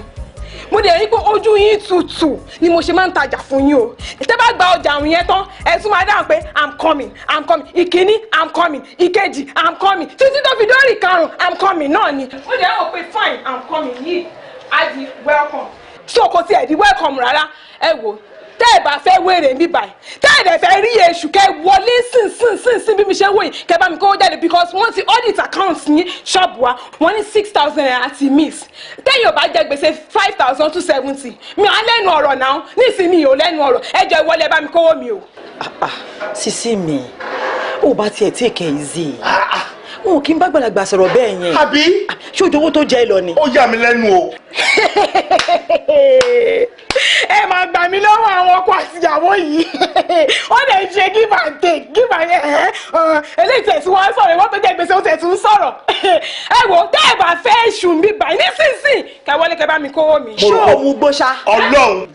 mo dẹ̀ rí pé ojú yín tutù ni mo ṣe máa ń tajà fún yín o tẹ́ bá gba ọjà àwìn yẹn tán ẹ máa dáhùn pé i'm coming i'm coming ìkíní i'm coming ìkejì i'm coming títí tó fi dórí karùn i'm coming náà ni mo dẹ̀ rò pé fine i'm coming yìí á di welcome so kò tiẹ̀ di welcome rárá ẹ wò tẹ́ ẹ̀ bá fẹ́ wèrè mi báyìí tẹ́ ẹ̀ dẹ̀ fẹ́ rí èṣù kẹ́ wọlé sìn sìn sìn sìn bí mi ṣe ń wòye kẹ́ bá mi kówó jáde because wọ́n ti audit account yín ṣọ́ọ̀bù wa wọ́n ní six thousand naira ti miss tẹ́yìn ò bá jẹ gbèsè five thousand two seventy mi ò lẹ́nu ọ̀rọ̀ náà nísìnyí ò lẹ́nu ọ̀rọ̀ ẹ jọ̀ọ́ ìwọlé bá mi kówó mi o. Ah, ah, sisi mi ò bá tiẹ̀ tí kẹ́ ẹ̀ zi wọn kì í bá gbàlagbà sọ̀rọ̀ bẹ́ẹ̀ yẹn ah, ṣé ojú owó tó jẹ́ lọ ni. ó yà mí lẹ́nu o ẹ máa gbà mí lọ́wọ́ àwọn ọkọ àtìyàwó yìí ó lè ṣe give and take give and ẹ eléyìí tẹ̀sí wọn sọ̀rọ̀ ìwọ́n tó jẹ́ gbèsè ó tẹ̀sí ń sọ̀rọ̀ ẹ wò tẹ́ ẹ bá fẹ́ ṣù mí báyìí nísinsìnyí kẹ wọlé kẹ bá mi kówó mi. ṣé òun gbó ṣá. ọlọ́run.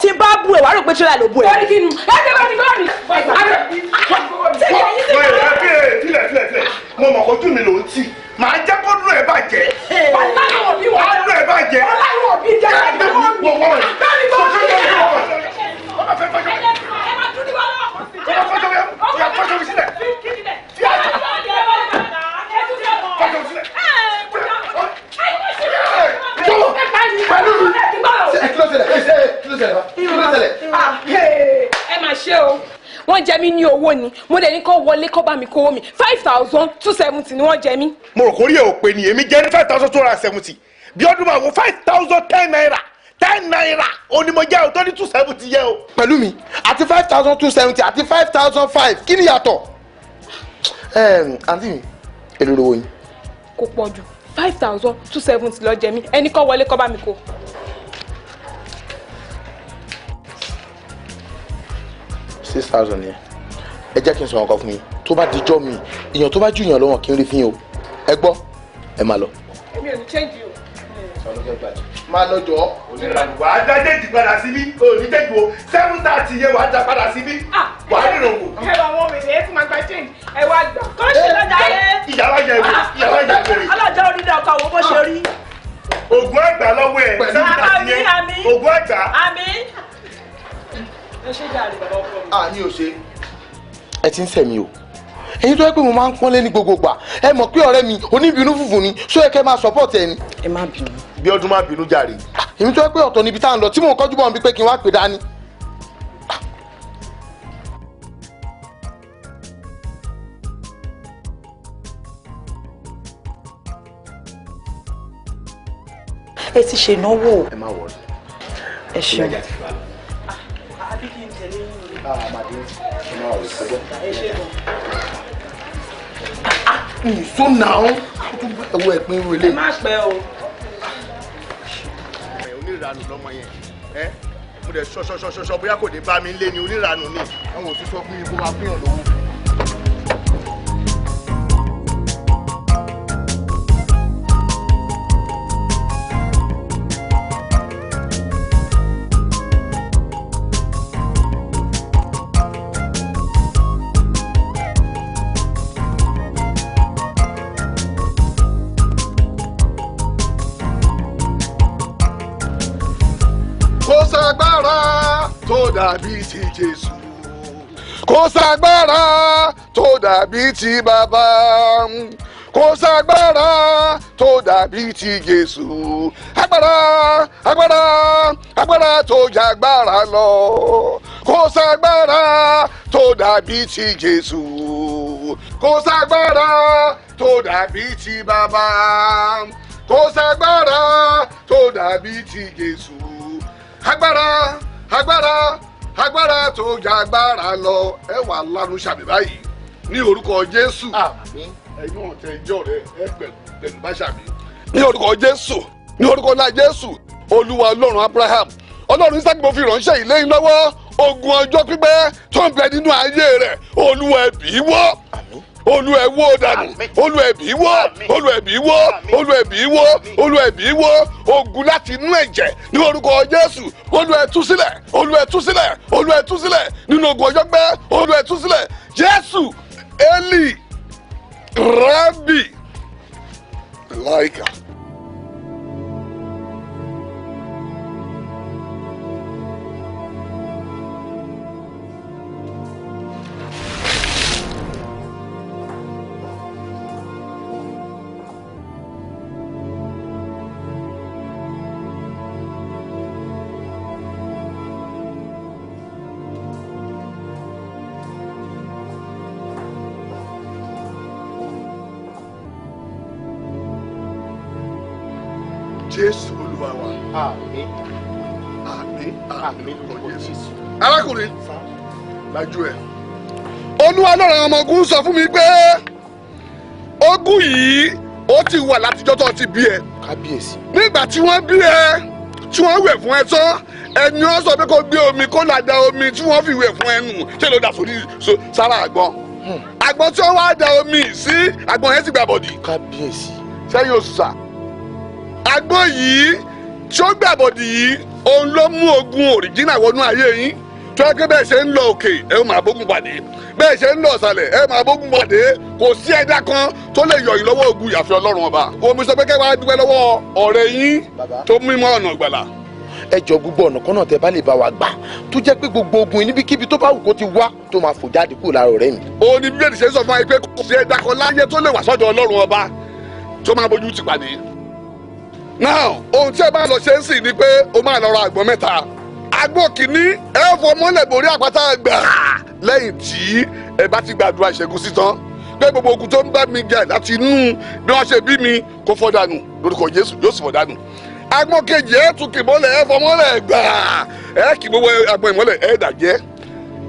tí bá bu ẹ wàá rò pé tí ó yà ló bu ẹ. wọ́n ní kí ni ẹ tẹ́ bá mi gbọ́ mi. tilẹ̀ tilẹ̀ tilẹ̀ mo mọ̀ kó dùn mí lòún tì màá jẹ́ kó dúró ẹ̀ bàjẹ́. aláwọ̀ bí wọ́n dúró ẹ̀ bàjẹ́. aláwọ̀ bí jẹ́ ẹgbẹ́ wọn mi. wọ́n wọ́n bẹ́ẹ̀ tó ṣe é lọ. mi. ẹ máa ṣe o wọ́n jẹ mí ní owó ni mo dẹ̀ ní kó wọlé kó bá mi kówó mi five thousand two seventy ni wọ́n jẹ mí. mo rò kórìí ò pé ni èmi jẹ ní five thousand two hundred and seventy bí ọdún máa wo five thousand ten naira ten naira onímọ̀jẹ́ o tó ní two seventy yẹ o. pẹ̀lú mi àti five thousand two seventy àti five thousand five kí ni yàtọ̀ àǹtí mi èlò lówó yín. kò pọ̀ jù five thousand two seventy ló jẹ mí ẹni kó wọlé kó bá mi kó. six thousand yẹn ẹ jẹ́ kí n sọ̀rọ̀ kan fún mi tó bá dijọ́ mi èèyàn tó bá jù yàn lọ́wọ́ kí n rí fi yín o ẹ gbọ́ ẹ máa lọ. èmi ò ní change o. máa lọ jọ. wà á dá déètì padà síbí o ní déètì o seven thirty yẹn wà á dá padà síbí ah, wà á rìnrìn òkú. ẹ wà wọ́n mi lè fún máa gba change ẹ wà gbà tó ṣe lọ́jà yẹn. Eh, ìyàwó yẹn wò ah, ìyàwó yẹn wò rè. alájà orí dà ọkọ àwọn bó ṣe rí. ògùn àgbà lọ́wọ́ ẹ̀ seven thirty yẹn ògùn àgbà. àmín àmín. Ah, ṣe jàre bàbá ọkọ mi. a ní o ṣe ẹ ti ń sẹ̀mí o ẹ̀yin tó yẹ pé mo máa ń pọ́nlé ní gbogbo gbà ẹ mọ̀ pé ọ̀rẹ́ mi oníbìnú fùfù ni ṣó yẹ kẹ́ máa support ẹ ni. ẹ má bínú. bí ọdún má bínú jàre. Ah, èmi tó yẹ pé ọ̀tọ̀ níbi tá à ń lọ tí mò ń kọ́jú bọ̀ ń bí n wá pè dání. ẹ ti ṣènáwó. ẹ má wọlé. ẹ ṣeun nsọ náà ó tún ẹwọ ẹpin wọlé. ẹ má pẹ́ o. onírànù lọmọ yẹn ẹ mo dẹ ṣọṣọṣọṣọ bóyá kò dé bá mi lé ni onírànù ni àwọn òṣìṣọ́ fún mi dàbí ti Jésù kò sàgbára tó dàbí ti bàbá kò sàgbára tó dàbí ti Jésù agbára agbára agbára tó jàgbára lọ kò sàgbára tó dàbí ti Jésù kò sàgbára tó dàbí ti bàbá kò sàgbára tó dàbí ti Jésù agbára agbára agbára tó ya agbára lọ ẹ wà lanu sàmì báyìí ní orúkọ jésù ẹ̀yin wọn tẹ ìjọ rẹ ẹ pẹ̀lú bá sàmì. ní orúkọ jésù ní orúkọ náà jésù olúwa ọlọ́run abraham ọlọ́run isaac mo fi ránṣẹ́ ìléyìn lọ́wọ́ ogun ọjọ́ pípẹ́ tó ń bẹ nínú ayé rẹ̀ olúwa ẹ̀bí wọ́. àmín olú ẹ wó dànù olú ẹ bí wó olú ẹ bí wó olú ẹ bí wó olú ẹ bí wó ogun láti inú ẹ̀jẹ̀ ní orúkọ Jésù olú ẹ tú sílẹ̀ olú ẹ tú sílẹ̀ olú ẹ tú sílẹ̀ nínú ogun ọjọ́ pẹ́ olú ẹ tú Jésù Eli Rabbi Laika. Like jésù olúwa wa. àmín àmín àmín olùkọ́ jésù. arákùnrin lajú ẹ. olúwa lọ́rọ̀ ọmọ ogun sọ fún mi pé ogun yìí ó ti wà látijọ́ tó ti bí ẹ. kábíyèsí. nígbà tí wọ́n bí ẹ tí wọ́n wẹ̀ fún ẹ tán ẹni wọ́n sọ pé kó gbé omi kó là da omi tí wọ́n fi wẹ̀ fún ẹ nù ṣé ló da sórí sára àgbọn. Hmm. àgbọn tí wọ́n wá da omi sí àgbọn yẹn ti gbà bọ̀dì. kábíyèsí. sẹ́yìn oṣù sà agbó yìí tí ó gbàbọ̀dì yìí òun ló mú ogun òrìjínà wọnú ayé yín tí wọ́n ké bẹ́ẹ̀ ṣe ń lọ òkè ẹ máa bógun pàdé bẹ́ẹ̀ ṣe ń lọ ọ̀sàlẹ̀ ẹ máa bógun pàdé kò sí ẹ̀dá kan tó lè yọ yín lọ́wọ́ ogun yàfi ọlọ́run ọba omi sọ pé kẹ́ wàá dúpẹ́ lọ́wọ́ ọ̀rẹ́ yín tó mú ìmọ̀ ọ̀nà ìgbàlà. ẹ jọ gbogbo ọ̀nà kan náà tẹ bá lè bá wa gbà tó jẹ́ pé gbogbo ogun níbikíbi tó bá wù kó ti wá tó máa fò jáde kúrò lára ọ̀rẹ́ mi. ó ní bí èdè ṣe ń sọ fún wa pé kò sí ẹ̀dá now ohun tí ẹ bá lọ ṣe ń sìn ni pé o máa lọ ra àgbọn mẹ́ta àgbọn kìíní ẹ fọ mọ́lẹ̀ borí àpáta gbà lẹ́yìn tí ẹ bá ti gbàdúrà ìṣẹ́gun sí tán pé gbogbo ogun tó ń bá mi jà láti inú bí wọ́n ṣe bí mi kó fọ́ dànù lórúkọ Jésù yóò sì fọ́ dànù àgbọn kejì ẹ tún kì mọ́lẹ̀ ẹ fọ mọ́lẹ̀ gbà ẹ kì gbogbo àgbọn ìmọ́lẹ̀ ẹ dàjẹ́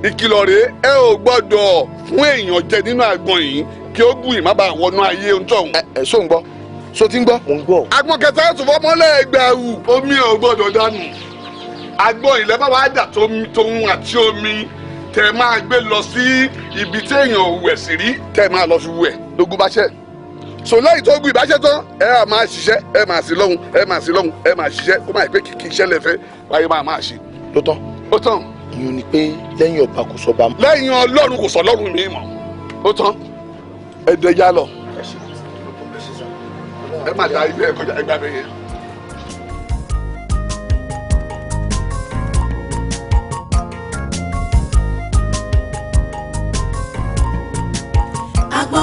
ìkìlọ̀ rèé ẹ ò gbọ́dọ̀ fún èèyàn jẹ nínú àgbọn yìí kí ó gùn ì wọnú ayé ń tọ̀hún. ẹ ẹ sóun gbọ́ so ti ń gbọ́. mo ń gbọ́. agbọn kẹta ẹ̀ tún fọ́ mọ́lẹ̀ ẹgbẹ̀rún omi ò gbọ́dọ̀ dànù agbọn ilẹ̀ bá wàá dà tóun àti omi tẹ máa gbé lọ sí ibi téèyàn ò wẹ̀ sí rí tẹ máa lọ fi wẹ̀ lógún bá ṣẹ́ so lẹ́yìn tó gbé ìbáṣẹ́ tán ẹ á máa ṣiṣẹ́ ẹ máa sí lọ́hùn ẹ máa sí lọ́hùn ẹ máa ṣiṣẹ́ kó máa pé kìkì iṣẹ́ lẹ́fẹ́ wáyé máa máa ṣe. ló tán. ó tán. ìyún ni pé lẹ́yìn ọba kò sọ bá. lẹ́yìn ọlọ́run kò sọ ọlọ́run mi mọ̀ ó tán ẹ̀dẹ̀ yá lọ ẹ má da ilé ẹ̀kọ́ ẹgbà mi yẹn.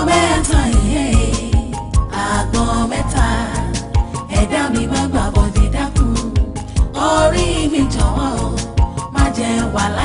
mẹ́ta yìí eh, àgbọn mẹ́ta ẹ̀dá mi má gbàgbọ́ dídákun orí mi jọ̀wọ́ má jẹ́ wàhálà.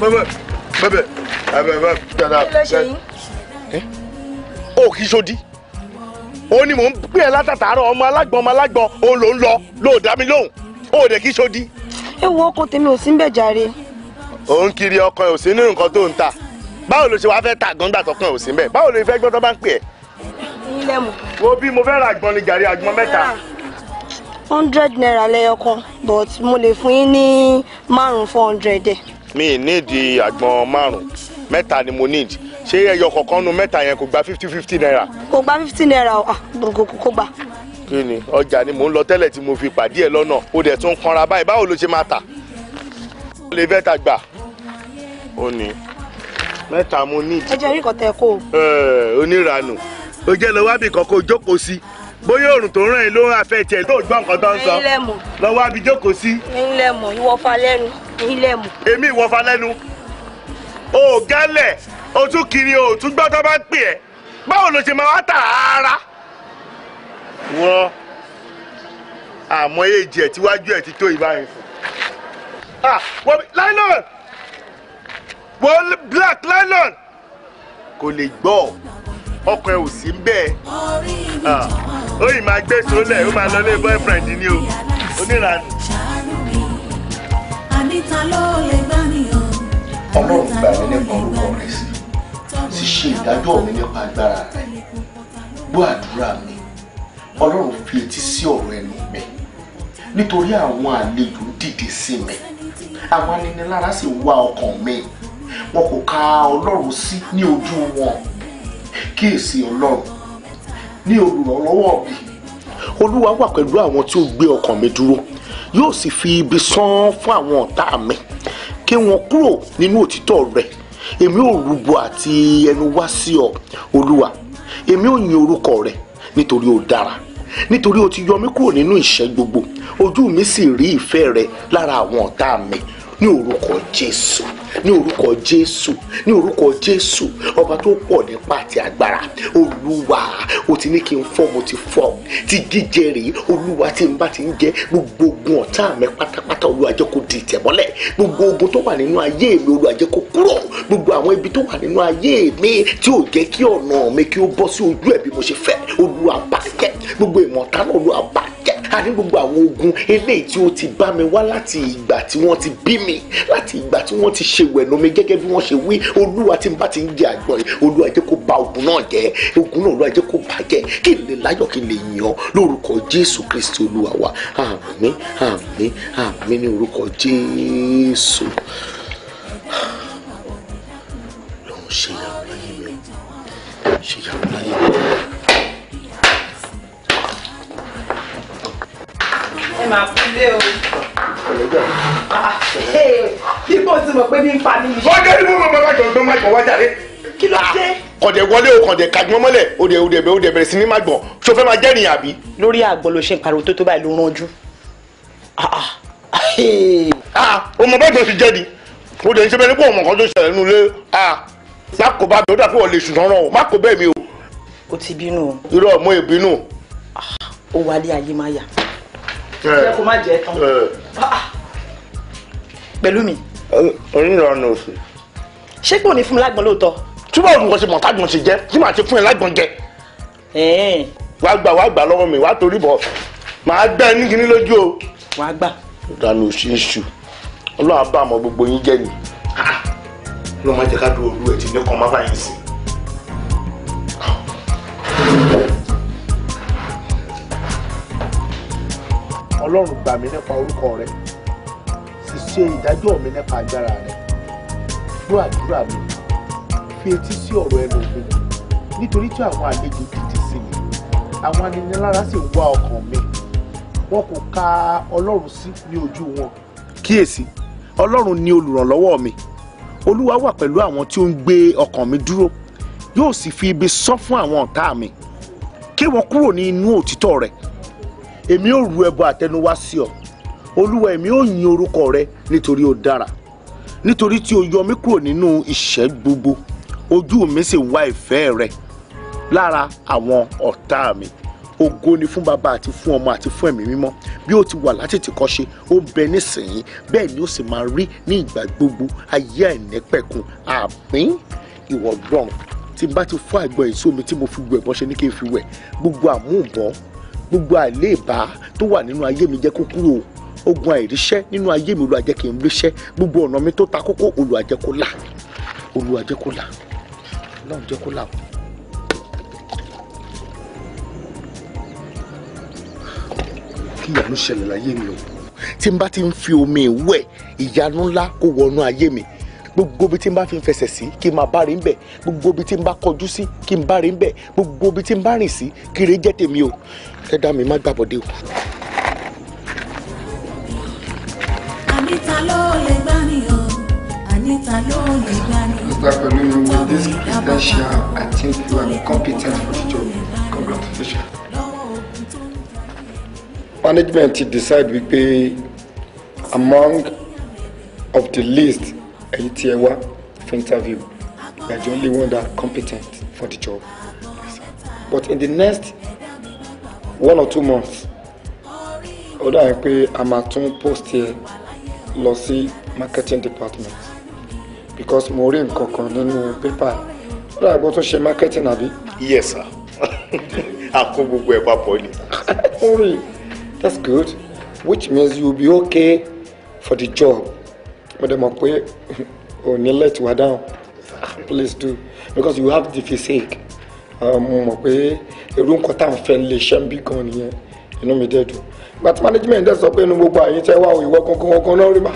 bẹ́ẹ̀ bẹ́ẹ̀ bẹ́ẹ̀ bẹ́ẹ̀ dada bẹ́ẹ̀ ó eh? kì í sódì ó ní mò ń gbé ẹ látàtàárọ̀ ọmọ alágbọ̀n ọmọ alágbọ̀n òun ló ń lọ lóò dá mi lóhùn ó dẹ̀ kì í sódì. ẹ wo ọkọ tèmi ò sí ń bẹ̀ jàre. ò ń kiri ọkàn ẹ̀ ò sí nínú nǹkan tó ń ta báwo ló ṣe wàá fẹ́ ta àgọ́ńdà tọkàn ẹ̀ ò sí ń bẹ̀ báwo ló fẹ́ gbọ́ mo fẹ́ ra àgbọn ni jàre àgbọn hundred naira lẹ́yọ̀kan but mo lè fún yín ní márùn four hundred ẹ mi níìdì àgbọn márùn mẹ́ta ni mo níìdì ṣé ẹyọ kọ̀ọ̀kan nu mẹ́ta yẹn kò gba fifty fifty naira. kò gba fifty naira o ah, kò gbà. kí ni ọjà ni mò ń lọ tẹ́lẹ̀ tí mo fi pàdé ẹ lọ́nà o dẹ̀ tún kanra báyìí báwo ló ṣe máa tà. ó lè fẹ́ ta gbà ó ní mẹ́ta mo níìdì. ẹ jẹ́ rí kọ́tẹ́ kó. oníranù o jẹ́ lọ wábì kan kó jókòó sí bóyá òrùn tó ràn yín ló ń afẹ́ tiẹ̀ tó gbọ́ nǹkan tó ń sọ lọ wábì jókòó sí. ẹ̀yin lẹ mọ̀ ìwọ lẹ́nu ẹ̀yin lẹ́mu. èmi ìwọ̀fà lẹ́nu o gálẹ̀ o tún kiri o tún gbọ́ tó bá ń pè ẹ́ báwo ló ṣe máa wá tà ara. wọ́n àmọ́ èjì ẹ̀ tíwájú ẹ̀ ti tó ìbáyìí fún. wọ́n lánàá wọ́n black lion kò lè gbọ́ ọkọ̀ ẹ̀ ò sí bẹ́ẹ̀ ó yìí máa gbé sólẹ̀ ó máa lọ lé boyfriend ni o oníranù ọlọ́run gbà mí nípa orúkọ rẹ sí sì ṣe ìdájọ́ mi nípa agbára rẹ gbọ́ àdúrà mi ọlọ́run fi etí sí ọ̀rọ̀ ẹnu mi nítorí àwọn àlejò dìde sí mi àwọn aninilára sì wá ọkàn mi wọn kò ka ọlọ́run sí ní ojú wọn kíyèsí ọlọ́run ní olùrànlọ́wọ́ mi olúwa wà pẹ̀lú àwọn tí ó gbé ọkàn mi dúró yóò sì fi ibi sán fún àwọn ọ̀tá mi kí wọ́n kúrò nínú òtítọ́ rẹ̀ èmi ò rúbọ àti ẹnu wá sí ọ olúwa èmi ò yin orúkọ rẹ nítorí ó dára nítorí ó ti yọ mí kúrò nínú ìṣẹ́ gbogbo ojú mi sì rí ìfẹ́ rẹ lára àwọn ọ̀tá mi ní orúkọ jésù ní orúkọ jésù ní orúkọ jésù ọba tó pọ̀ nípa àti agbára olúwa o ti ní kí n fọ́ mo ti fọ́ ti jíjẹ rèé olúwa tí n bá ti ń jẹ gbogbo ogun ọ̀tá mi pátápátá olúwa jẹ́ kó di ìtẹ̀mọ́lẹ̀ gbogbo ogun tó wà nínú ayé mi olúwa jẹ́ kó kúrò gbogbo àwọn ibi tó wà nínú ayé mi tí ò jẹ́ kí ọ̀nà mi kí ó bọ́ sí ojú ẹ̀ bí mo ṣe fẹ́ olúwa bàjẹ́ gbogbo ìmọ̀ta náà olúwa bàjẹ́ a ní gbogbo àwọn ogun eléyìí tí ó ti bá mi wá láti ìgbà tí wọ́n ti bí mi láti ìgbà tí wọ́n ti ṣe wẹ̀nu mi gẹ́gẹ́ bí wọ́n ṣe wí olúwa tí n bá ti ń jẹ àgbọn yìí olúwa jẹ́ kó bà ogun náà jẹ́ ogun náà olúwa jẹ́ kó bà jẹ́ kí n lè láyọ̀ kí n lè yàn lórúkọ jésù kristi olúwa wa àmín àmín àmín ní orúkọ jésù lọ́run ṣe ìyàwó láyé mi ṣe ìyàwó láyé ẹ máa kú lé o. Bíbó ti mọ̀ pé bí n pa mi. Bọ́dé ni mo máa bá jọ gbọ́n máa jọ wá jáde. Kí ló dé? Ah, kọ̀dẹ̀ wọlé o kọ̀dẹ̀ kagbọ́n mọ́lẹ̀ o dẹ̀ o dẹ̀ bẹ̀rẹ̀ o dẹ̀ bẹ̀rẹ̀ sí ní máa gbọ̀n. Ṣo fẹ́ máa jẹ́ ìrìn àbí? Lórí àgbọ̀ ló ṣe ń pariwo tó tó báyìí ló ránjú. Ah, ah, o mọ̀ báyìí tó ti jẹ́ ni. O dẹ̀ ń ṣe bẹ́ẹ̀ nípa ọmọ kan tó ṣẹlẹ̀ nínú ilé. o, má kó bẹ́ẹ̀ ayé máa yà jẹ́ kó má jẹ́ tán ah. pẹ̀lú mi. onírànà òsì. ṣé kò ní fún mi lágbọ̀n lóòótọ́. túbọ̀ ògùn kan ṣe mọ̀tàgbọ̀n ṣe jẹ́ tí màá ti fún ẹ lágbọ̀n jẹ. wàá gbà wàá gbà lọ́wọ́ mi wàá torí bọ̀ màá gbẹ́ ẹ nígi ní lójú o. wàá gbà. ìdáná òsì ń ṣù ọlọ́run á bá àmọ́ gbogbo yín jẹ́ ni. Ah, ọlọ́run má jẹ́ ká dúró olú ẹ̀ tí ní kàn má báyìí sí. ọlọ́run gbà mí nípa orúkọ rẹ sì ṣe ìdájọ́ mi nípa agbára rẹ gbọ́ àdúrà mi fi etí sí ọ̀rọ̀ ẹnu mi nítorí tí àwọn àlejò títí sí mi àwọn aninilára sì wá ọkàn mi wọn kò ka ọlọ́run sí ní ojú wọn. kíyèsí ọlọ́run ni olùrànlọ́wọ́ mi olúwa wà pẹ̀lú àwọn tí ó ń gbé ọkàn mi dúró yóò sì fi ibi sọ fún àwọn ọ̀tá mi kí wọ́n kúrò ní inú òtítọ́ rẹ̀ èmi ò ru ẹbọ àtẹnuwá sí ọ olúwa èmi ò yin orúkọ rẹ nítorí o dára nítorí tí o yọ mí kúrò nínú ìṣẹ́ gbogbo ojú mi sì wá ìfẹ́ rẹ lára àwọn ọ̀tá mi ògo ni fún bàbá àti fún ọmọ àti fún ẹ̀mí mímọ́ bí ó ti wà látètè kọ́ṣe ó ń bẹ nísìnyí bẹ́ẹ̀ ni ó sì máa rí ní ìgbà gbogbo ayé àìnípẹ̀kun àpín ìwọ̀ gbọ̀n tí bá ti fọ́ àgbọn èso mi tí mo fi gbọ̀ ẹ̀bọ́n ṣe ní kí n fi wẹ̀ gbogbo àmúbọ̀n gbogbo àléèbá tó wà nínú ayé mi jẹ́ kó kúrò ogun àìríṣẹ́ nínú ayé mi Olúwa jẹ́ kí n ríṣẹ́ gbogbo ọ̀nà mi tó ta kókó Olúwa jẹ́ kó là Olúwa kó là Ọlọ́run jẹ́ kó là o. kí ìyanu ṣẹlẹ̀ láyé mi o tí n bá ti ń fi omi ìwẹ̀ ìyanu ńlá kó wọnú ayé mi gbogbo ibi tí n bá fi fẹsẹ̀ sí kí n máa bá rí nbẹ̀ gbogbo ibi tí n bá kọjú sí kí n bá rí nbẹ̀ gbogbo ibi tí n bá rìn sí kí ire jẹ́ tèmi o ẹ̀dá mi má gbàbọ̀dé o. àníta ló lè mr pẹ̀lú with this credential i think you are competent for the job congratulations. management decide pay among of the list ẹ̀yin tí ẹ wá for interview you are the only one that competent for the job but in the next one or two months ó dàbí pé a máa tún post yẹ lọ sí marketing department because mo rí nǹkan kan nínú pépà ó dàbí pé tó ṣe marketing àbí. yes sir a kó gbogbo ẹ̀ papọ̀ ni. that's good which means you will be okay for the job. But dẹ̀ mọ̀ pé ò ní let wa down please do because you have the physique ah, mo mọ̀ pé irú nǹkan tá à ń fẹ́ lè ṣe ń bí gan nìyẹn inú mi dẹ̀ dùn but management dẹ̀ sọ pé inú gbogbo àyín tẹ́ wá ìwọ kankan kankan náà rí mà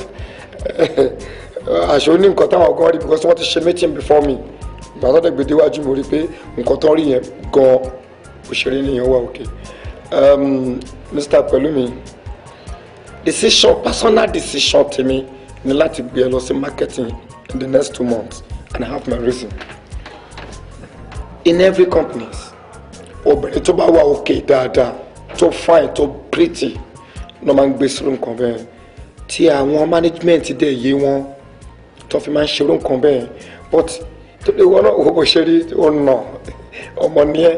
àṣọ ní nǹkan táwọn gan rí because wọ́n ti ṣe meeting before me ìgbà tó dẹ̀ gbé déwájú mo rí pé nǹkan tó rí yẹn gan òṣèré nìyẹn wà òkè Mr. Pẹ̀lúmi decision personal decision tèmi ní láti gbé ẹ lọ sí marketing in the next two months and I have my reason. in every company obìnrin tó bá wà òkè dáadáa tó fine tó pretty ló máa ń gbé sírò nǹkan bẹ́ẹ̀ tí àwọn management dẹ̀ yé wọn tó fi máa ń ṣerú nǹkan bẹ́ẹ̀ but tó lè wọ́n náà òkòkò ṣe rí ọ̀nà ọmọ ní ẹ́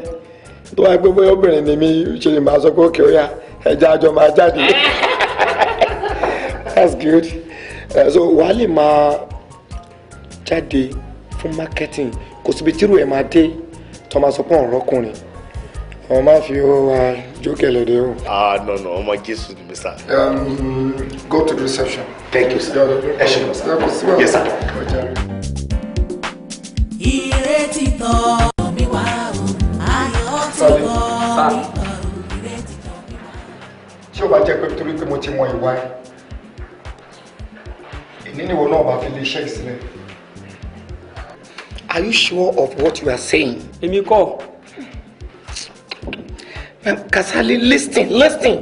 tó wáá gbé bóyá obìnrin ni mi ṣe lè máa sọ pé òkè ó yá ẹja àjọ máa jáde that's good. Eh, so wàá lè máa jáde fún marketing kò síbi tírú ẹ̀ máa dé tó máa sọ pé ọ̀rọ̀ ọkùnrin wọn máa fi owó wa jókè lóde o. ah no no ọmọ jésù ni mi sá. Um, go to the reception. thank you sir ẹ ṣe lọ sá yes sir. ìrètí tọ́ mi wá o ayọ̀ tó tọ́ mi wá o ìrètí tọ́ mi wá. ṣé o bá jẹ́ pé torí pé mo ti mọ ìwà ẹ̀. Are you sure of what you are saying? Èmi kọ́. Um, Kasali listen listen.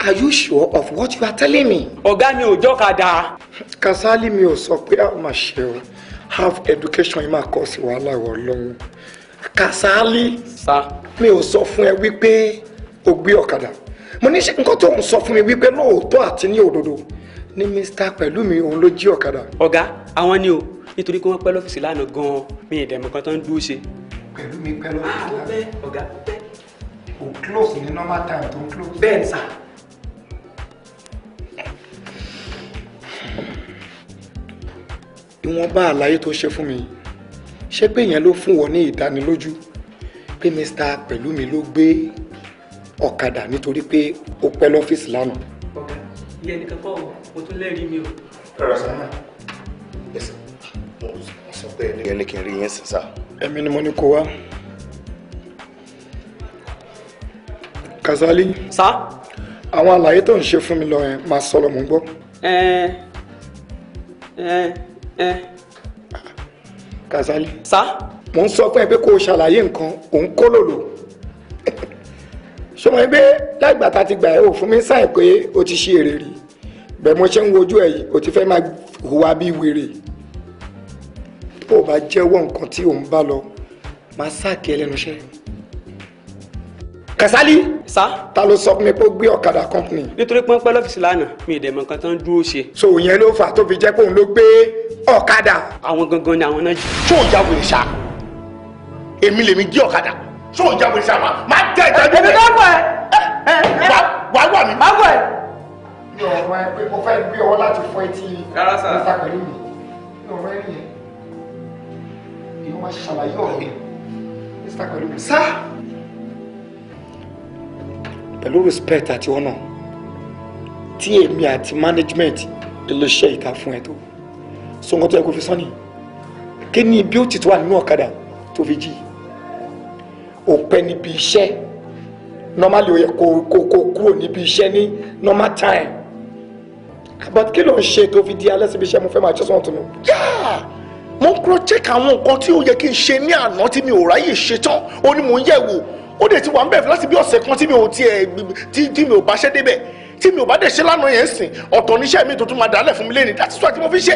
Are you sure of what you are telling me? Oga, mi ojo kada. Kasali mi ò sọ pé a máa ṣe o. Have education yìí máa kọ́ sí wàhálà long. Kasali. sir. Mi ò sọ fún ẹ wípé o gbé ọ̀kadà. Mo ní ṣe nǹkan tó ń sọ fún mi wípé lóòótọ́ àti ní òdodo ní Mr. Pẹ̀lúmi òun ló jí ọ̀kadà. ọ̀gá àwọn ni o nítorí pé wọ́n pẹ́ lọ́fíìsì lánàá gan-an mi ìdẹ̀mọ̀ kan tó ń dúró ṣe. Pẹ̀lúmi pẹ́ lọ́fíìsì ah, lánàá. ọ̀gá o close ní normal time tó ń close. bẹ́ẹ̀ sà. ìwọ̀nba àlàyé tó ṣe fún mi ṣé pé yẹn ló fún wọn ní ìdánilójú pé Mr. Pẹ̀lúmi ló gbé ọ̀kadà nítorí pé ó pẹ́ lọ́fíìsì lánàá. ọ̀gá ìyẹn nìkan kọ́ ọ̀ mo tún lẹ́rìí mi o. rárá sá ẹ sọ mo sọ pé ẹni ẹni kì í rí yín sìn sá. èmi ni mo ní kó wá. Kazali. sá. àwọn àlàyé tó ń ṣe fún mi lọ yẹn máa sọ lọ mò ń gbọ́. ẹ ẹ ẹ. Kazali. sá. mo ń sọ fún ẹ pé kó o ṣàlàyé nǹkan òun kó lòlò ṣọmọ ẹgbẹ́ lágbàtà ti gbà ẹ́ ò fún mi sáì pé o ti ṣe èrè rí bẹ́ẹ̀ mo ṣe ń wojú ẹ̀ o ti fẹ́ máa hùwà bí wèrè tó o bá jẹ́wọ́ nǹkan tí ò ń bá lọ máa sáàkì ẹ lẹ́nu iṣẹ́. Kasali. sa. ta ló sọ fún mi pé ó gbé ọ̀kadà company. nítorí pọ́npẹ́ lọ́fíìsì lánàá mi ìdẹ̀mọ̀ nǹkan tó ń dúró ṣe. so yẹn ló fà tó fi jẹ́ pé òun ló gbé ọ̀kadà. àwọn gangan ni àwọn náà jù. tó o jáwèé ṣá èmi lèmi gé ọ̀kadà tó o jáwèé ṣá máa jẹ́ ìdájọ́ rẹ̀. èmi náà wọ̀ ẹ́. wàá wà mí. máa wọ̀ ẹ́ bí ọ̀rọ̀ ẹ pé mo fẹ́ gbé ọwọ́ láti fọ etí mr pẹ̀lú mi bí ọ̀rọ̀ ẹ nìyẹn èyí wọ́n ṣàlàyé ọ̀rọ̀ mr pẹ̀lú mi sá. pẹ̀lú respect àti honour tí èmi àti management iléeṣẹ́ ìta fún ẹ tó so nǹkan tó yẹ kó fi sọ́ni kí ni bí ó ti tó wà nínú ọ̀kadà tó fi jì òpẹ́ níbi iṣẹ́ normally ó yẹ kó kó kó kúrò níbi iṣẹ́ ní normal time but kí ló ń ṣe tó fi di alẹ́ síbi iṣẹ́ mo fẹ́ máa just want to know. yáà mo ń kúrò check àwọn nǹkan tí ó yẹ kí n ṣe ní àná tí mi ò ráyè ṣe tán ó ní mò ń yẹ̀ wò ó dẹ̀ ti wà ń bẹ̀ láti bí ọ̀sẹ̀ kan tí mi ò tiẹ̀ tí mi ò bá ṣẹ́ débẹ̀ tí mi ò bá dẹ̀ ṣe lánàá yẹn sìn ọ̀tọ̀ níṣẹ́ mi tuntun máa dálẹ̀ fún mi lẹ́ni láti sọ àti mo fi ṣe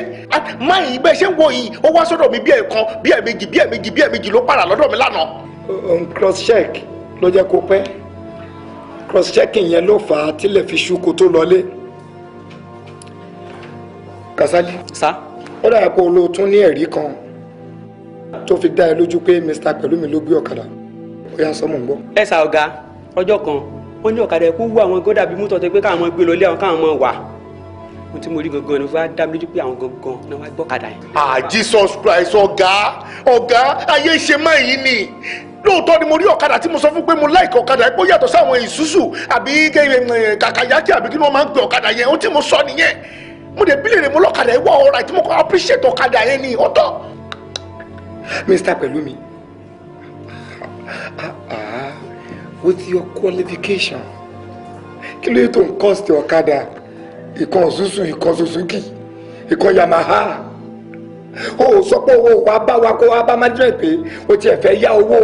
máa yìí bẹ́ẹ̀ ṣe ń wò yìí ó wá sọ́dọ̀ mi bí ẹ̀ẹ̀kan bí ẹ̀ẹ̀mejì bí ẹ̀ẹ̀mejì bí ẹ̀ẹ̀mejì ló pààrà lọ́dọ̀ mi lánàá. cross check ló jẹ́ kó pẹ́ cross checking yẹn ló fà á tilẹ̀ fi ṣú kó tó lọlé Kasali. sa. ó dàbí pé olóò tún ní ẹ̀rí kan tó fi dá ẹ lójú pé Mr. Pẹ̀lúmi ló gbé ọ̀kadà ó yà ń sọ mọ̀ ń gbọ́. ẹ sà ọ̀gá ọjọ́ kan ó ní ọ̀kadà ẹ̀kú wú àwọn gọ́dà bíi mútọ́ tó pé káwọn gbé lọ àwọn káwọn wà mo ti mo rí gangan ni wọ́n á dá mi lójú pé àwọn gangan ni wọ́n á gbọ́kadà yìí. ah Jesus Christ ọ̀gá ọ̀gá ayé ṣe mọ́ èyí ni lóòótọ́ ni mo rí ọ̀kadà tí mo sọ fún pé mo láìka ọ̀kadà ẹ̀ pé ó yàtọ̀ sáwọn Isuzu àbí eh, kàkàyákì àbí kí ni wọ́n máa ń gbé ọ̀kadà yẹn ó tí mo sọ nìyẹn mo dẹ̀ bílẹ̀ rẹ̀ mo lọ́kadà ẹ̀ wá ọ̀rọ̀ àti mo kọ́ appreciate ọ̀kadà yẹn ni ọ̀tọ̀. Mr. Pẹ̀lúmi ah ah with your qualification kí ló yẹ tó ń cost ọ̀kadà ìkan òṣùṣù ìkan Suzuki ìkan Yamaha o sọ pé owó wa bá wa kó wa bá madrid pé o tiẹ̀ fẹ́ yá owó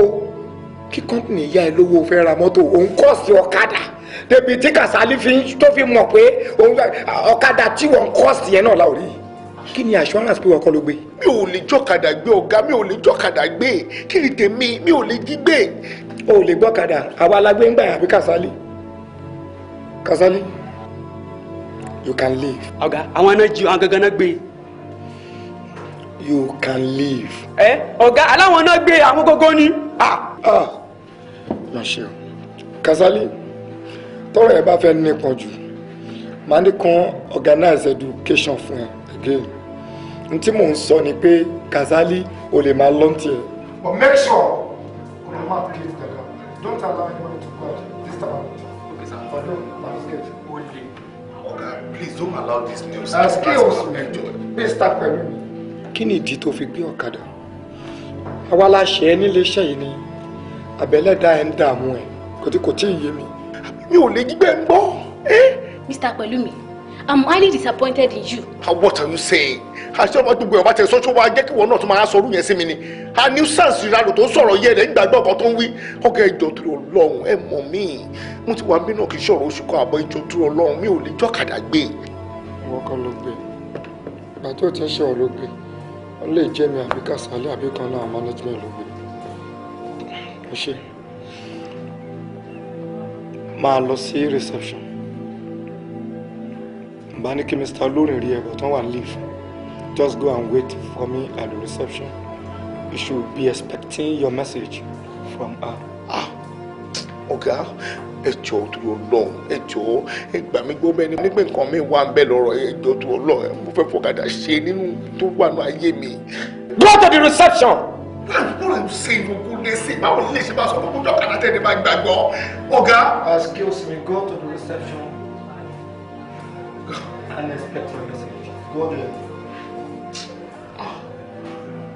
kí company yá ẹ lówó fẹ́ ra mọ́tò òun cost ọ̀kadà débi tí Kasali fi tó fi mọ̀ pé ọ̀kadà tí wọ́n kọ́ọ̀sì yẹn náà láwùrí kí ni assurance pé ọkọ ló gbé. mi ò lè jọ́kadà gbé ọ̀gá mi ò lè jọ́kadà gbé kí ni tèmi mi ò lè jí gbé. o ò lè gbọ́kadà àwa la gbé ń gbà àbí Kasali Kasali you can leave. ọ̀gá àwọn aná jí àwọn gangan náà gbé. you can leave. ẹ ọ̀gá aláwọn náà gbé àwọn gógó ni. ah ah lọ ṣe o Kasali tọrọ ẹ bá fẹ́ nípọn jù máa ní kan organize education fún ẹ again n tí mò ń sọ ni pé Kazali o lè máa lọ́n tiẹ̀. but make sure kò lè má dada don't allow anyone to go out this time around. okay sir pardon my mistake. o le oga please don't allow this news. skills please start pẹ̀lú mi. kí ni ìdí tó fi gbé ọ̀kadà àwa la ṣe é níléeṣẹ́ yìí ni àbẹ̀lẹ̀dá ẹ̀ ń dààmú ẹ̀ kò tí kò tí ì yé mi mi ò lè gbígbẹ́ ń gbọ́. Eh? Mr. Pẹ̀lúmi I'm highly disappointed in you. And ah, what are you saying? Àṣé ọmọ gbogbo ọba tẹ̀sán tó wá jẹ́ kí wọn náà tó máa sọ orú yẹn sí mi ni. A nuisance ìrarò tó ń sọ̀rọ̀ yẹ rẹ̀ gbàgbọ́ ọkọ tó ń wí. Ọ̀gá ìjọ tó Ọlọ́run ẹ mọ̀ mí. Mo ti wà mí náà kì í ṣọ̀rọ̀ oṣù kan àbọ̀ ìjọ tó Ọlọ́run mi ò lè jọ́kadà gbé. Ìwọ kan ló gbé. Ìgbà tí ó ti ń ṣe ọ̀rọ̀ gbé, ó lè jẹ́ mi àbí Kàsálí àbí kan ló gbé. Ẹ ṣe máa lọ sí reception bá ní kí mr olórin rí ẹ̀bọ̀ tán wà leave just go and wait for me at the reception you should be expecting your message from her. ah ọ̀gá ẹ jọ̀ọ́ torí Ọlọ́run ẹ jọ̀ọ́ ẹ gbà mí gbọ́ bẹ́ẹ̀ ni nígbà nǹkan mi wà ń bẹ lọ́rọ̀ ẹ jọ̀ọ́ torí Ọlọ́run mo fẹ́ fọkàdà ṣe nínú tó wà ní ayé mi. go to the reception what i'm saying for báwo lè ṣe máa sọ fún gbogbo ọ̀kadà tẹ̀lé máa gbàgbọ́ ọ̀gá. excuse me go to the reception and expect your message go there.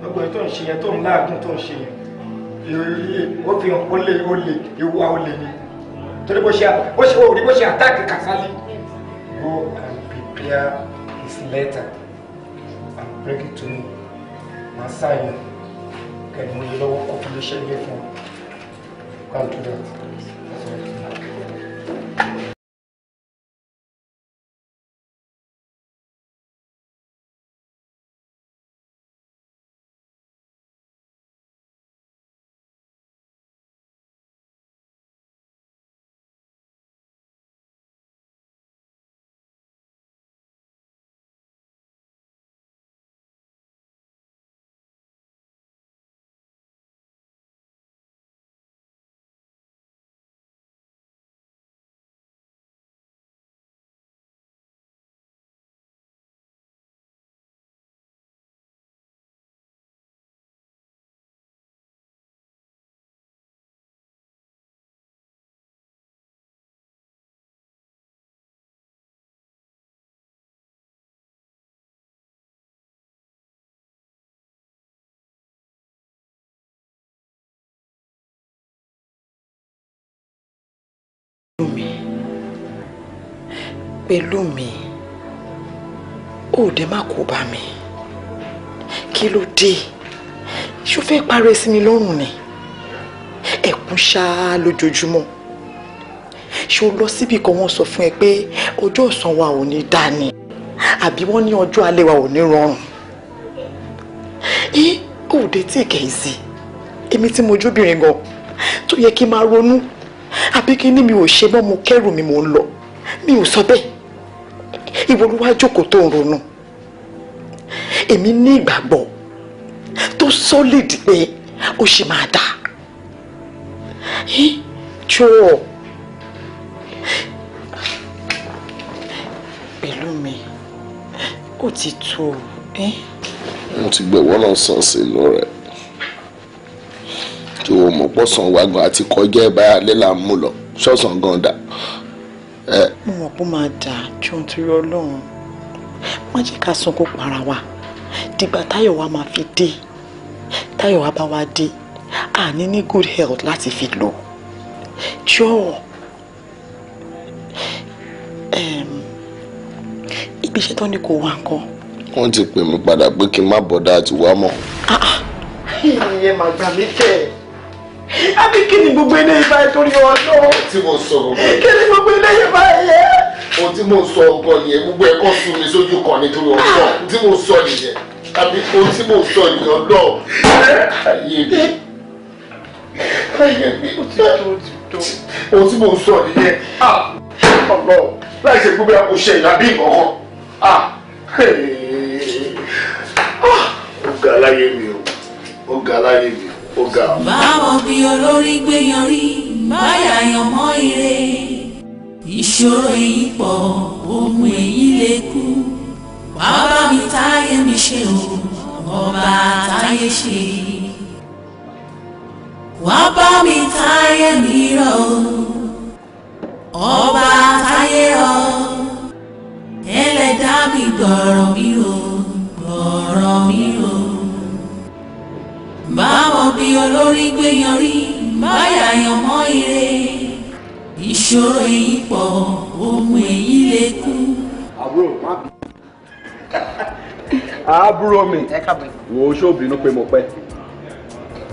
gbogbo ètò ìṣe yẹn tó ń láàgùn tó ń ṣe yẹn ó fi hàn ó lè ó lè ìwà ó lè ní torí bó ṣe bó ṣe òòrí bó ṣe àtàkì Kasali. go and prepare his letter and bring it to me. màá sáyẹn ẹ̀gbọ́n yìí lọ́wọ́ ọkùnrin ṣẹ́yẹ fún un. I'll do that. Pẹ̀lúmi Pẹ̀lúmi ó dẹ̀ má kó bá mi kí ló dé ṣó fẹ́ parẹ́ sí mi lọ́rùn ni ẹ̀kún ṣáá lójoojúmọ́ ṣó lọ síbi kan wọ́n sọ fún ẹ pé ọjọ́ ọ̀sán wa ò ní dá ni àbí wọ́n ní ọjọ́ alẹ́ wa ò ní rọrùn ẹ ó dẹ̀ tí kẹ̀yìn sí èmi tí mo jóbìnrin gan tó yẹ kí n máa ronú àbí kí ni mi ò ṣe mọ́ mo kẹ́rù mi mò ń lọ mi ò sọ bẹ́ẹ̀ ìwọ ló wá jókòó tó ń ronú èmi ní ìgbàgbọ́ tó sọ́lìdì pé ó ṣì máa dà jọ̀ọ́ pẹ̀lú mi ó ti tó o. mo ti gbẹ̀wọ́ náà sàn sínú rẹ̀ tí o mọ̀ pọ̀sán wa gan àti kọjá ẹ̀ báyà lẹ́la mú lọ ṣọ̀sán gan dà. mo mọ̀ pé ó máa dà jọ nítorí ọlọ́run má jẹ́ ká sunkún para wa dìgbà táyọ̀ wa máa fi dé táyọ̀ wa bá wa dé àní ní good health láti fi lò jọ̀ọ́ ibi iṣẹ́ tó ní kò wá nǹkan. wọ́n ti pè mí padà pé kí n má bọ̀dá àti wá mọ̀. Ah, ah. ìyẹn màgbà mi kẹ́ àbí kí ni gbogbo eléyìí báyìí torí o tí mo sọ gbogbo ẹ. kí ni gbogbo eléyìí báyìí yẹ. ohun tí mo sọ ọgbọ nìyẹn gbogbo ẹ kàn sún mi sójú kan nítorí ọlọ́run ah! tí mo sọ nìyẹn àbí ohun tí mo sọ nìyẹn ọlọ́run. ayé mi ayé mi ó ti tó ó ti tó mo sọ nìyẹn ah! ọlọ́run láì ṣe gbogbo ẹ kò ṣe ìyá bí nǹkan kan. Ah! ó láyé mi o ó láyé mi ó ga ọ. báwọn bí olórí gbé yan rí báyà yan mọ́ ire ìṣòro èyí pọ̀ ohun èyí lè kú bàbá mi táyé mi ṣe o ọba táyé ṣe wá bá mi táyé mi rọ ọba táyé rọ ẹlẹ́dá mi gbọ̀rọ̀ mi o gbọ̀rọ̀ mi o báwo èèyàn lórí gbéyàn rí báyà yàn mọ́ ire ìṣòro èyí pọ̀ ohun èyí lè kú. àbúrò má bí àbúrò mi wo ṣóòbìnú pé mo pẹ́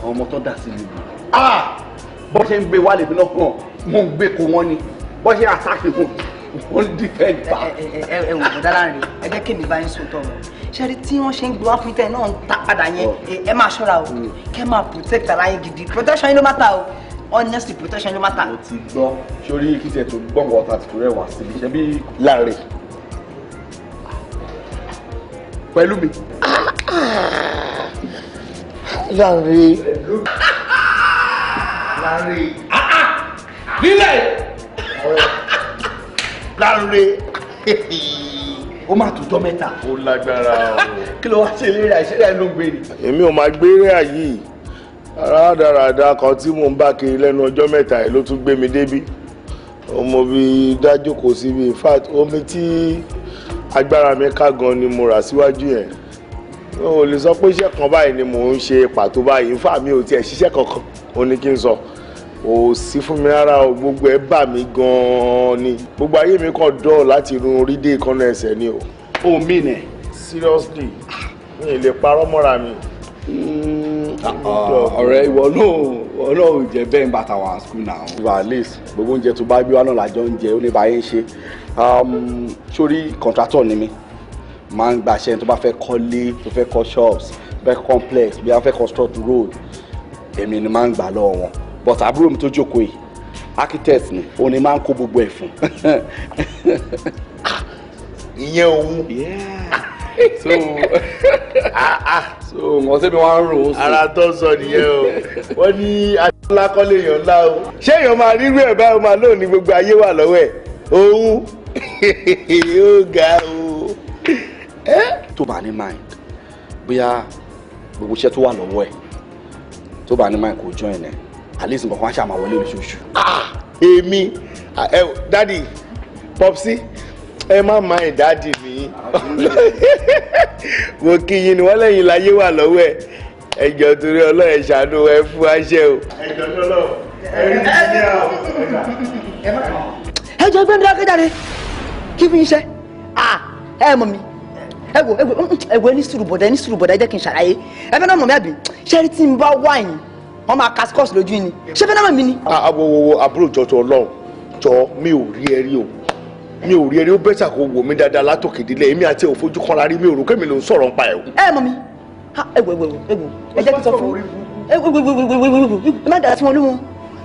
ọmọ tó dà sí mi bó ṣe ń gbé wálé mi náà mo ń gbé kó wọ́n ni bó ṣe àtàkì kù wọ́n dìfẹ́ ìgbà. ẹ ẹ ẹ wò ó dára rè é ẹ jẹ́ kí mi bá yín sòótọ́ wọn ṣẹ́rí tí wọ́n ṣe ń gbọ́ fún ìtẹ́ náà ń ta padà yẹn oh. ẹ máa ṣọ́ra o hmm. kẹ́ máa protect ara gidi protection yín ló máa ta o honestly protection ló máa ta. mo ti gbọ́ sórí kí tiẹ̀ tó gbọ̀ngàn ọ̀tá ti rẹwà síbi iṣẹ́ bí láàrin pẹ̀lú mi. láàrin. láàrin. nílẹ̀. láàrin. ó máa tòótọ́ mẹ́ta. ó lágbára o. kí ló wá ṣe léra ìṣẹ́lẹ̀ ló ń gbé ni. èmi ò máa gbé rẹ̀ yìí rádaràda kan tí mò ń bá kiri lẹ́nu ọjọ́ mẹ́ta ẹ̀ ló tún gbé mi débi ọmọ bí dájú kò sí bí in fact omi tí agbára mi ká gan ni mo rà síwájú yẹn o lè sọ pé iṣẹ́ kan báyìí ni mò ń ṣe pàtó báyìí fáàmì ò tiẹ̀ ṣiṣẹ́ kankan ó ní kí n sọ. So ò sí fún mi rárá o gbogbo ẹ bà mí gan-an ni gbogbo ayé mi kàn dọ̀ láti irun orí dé ìkànnà ẹsẹ̀ ni o. o mi nẹ. seriously mi ì lè parọ́ mọ́ra mi. Hmm, ah, ọ̀rẹ́ ìwọ náà ìwọ náà ò jẹ́ bẹ́ẹ̀ ń bàtà wà skul náà. ìwà lace gbogbo oúnjẹ tó bá bí wa náà làjọ ń jẹ ó ní báyé ń ṣe um, sórí contractor ni mi máa ń gbàṣẹ tó bá fẹ́ kọ́lé tó fẹ́ kọ́ shops tó fẹ́ complex bí wọ́n fẹ́ construct road èmi ni máa ń gbà lọ́wọ́ wọn but àbúrò mi tó jókòó yìí architect ni òun ni máa ń kó gbogbo ẹ̀ fún. ìyẹn òun. so ah, ah, so nǹkan tẹ́mi wá ń rò ó sùn. ara tó sọ nìyẹn o wọ́n ní ńlá kọ́ lè yàn ńlá o. ṣé èèyàn máa rírú ẹ̀ báyìí máa lóun ní gbogbo ayé wà lọ́wọ́ ẹ̀ òun yóò ga o. tó bá ní mind bóyá gbogbo iṣẹ́ tó wà lọ́wọ́ ẹ̀ tó bá ní mind kò join ẹ̀ at least nǹkan kan ṣáà máa wọlé lóṣooṣù. Ah! èmi dádì popsi ẹ má má ẹ dádì mi wò kí yín ni wọ́n lẹ́yìn láyé wà lọ́wọ́ ẹ ẹjọ torí ọlọ́ọ̀ ṣàánú ẹ fún àṣẹ o. ẹjọ tó lọ ẹrí ti ní ọ. ẹjọ gbẹ́mi lákẹ́jáde kí fi ń ṣe ah, ẹ mọ̀ mi ẹ wo ẹ wo ẹ ní sùúrù bọ̀dá ẹ ní sùúrù bọ̀dá ẹ jẹ́ kí n ṣàlàyé ẹ fẹ́ náà mọ̀ mi àbí ṣé ẹ ti ń bá wáyìn wọ́n máa kasikọ́ọ̀sì lójú ni ṣé fẹ́ẹ́ náà mi ni. àwòwò ah, ah, àbúrò jọjọ Ọlọ́run jọ mi ò rí ẹ rí o mi ò rí ẹ rí o bẹ́tà kó wò mí dáadáa látòkè délẹ̀ èmi àti òfojú kọ́ra rí mi ò rò kémi ló ń sọ̀rọ̀ nípa ẹ̀ o. ẹ mọ mi ẹ wò ẹ wò ẹ wò ẹ jẹ́ kí n sọ fún ẹ wò ẹ wò ẹ wò ẹ má dàgbà sí wọn lóhun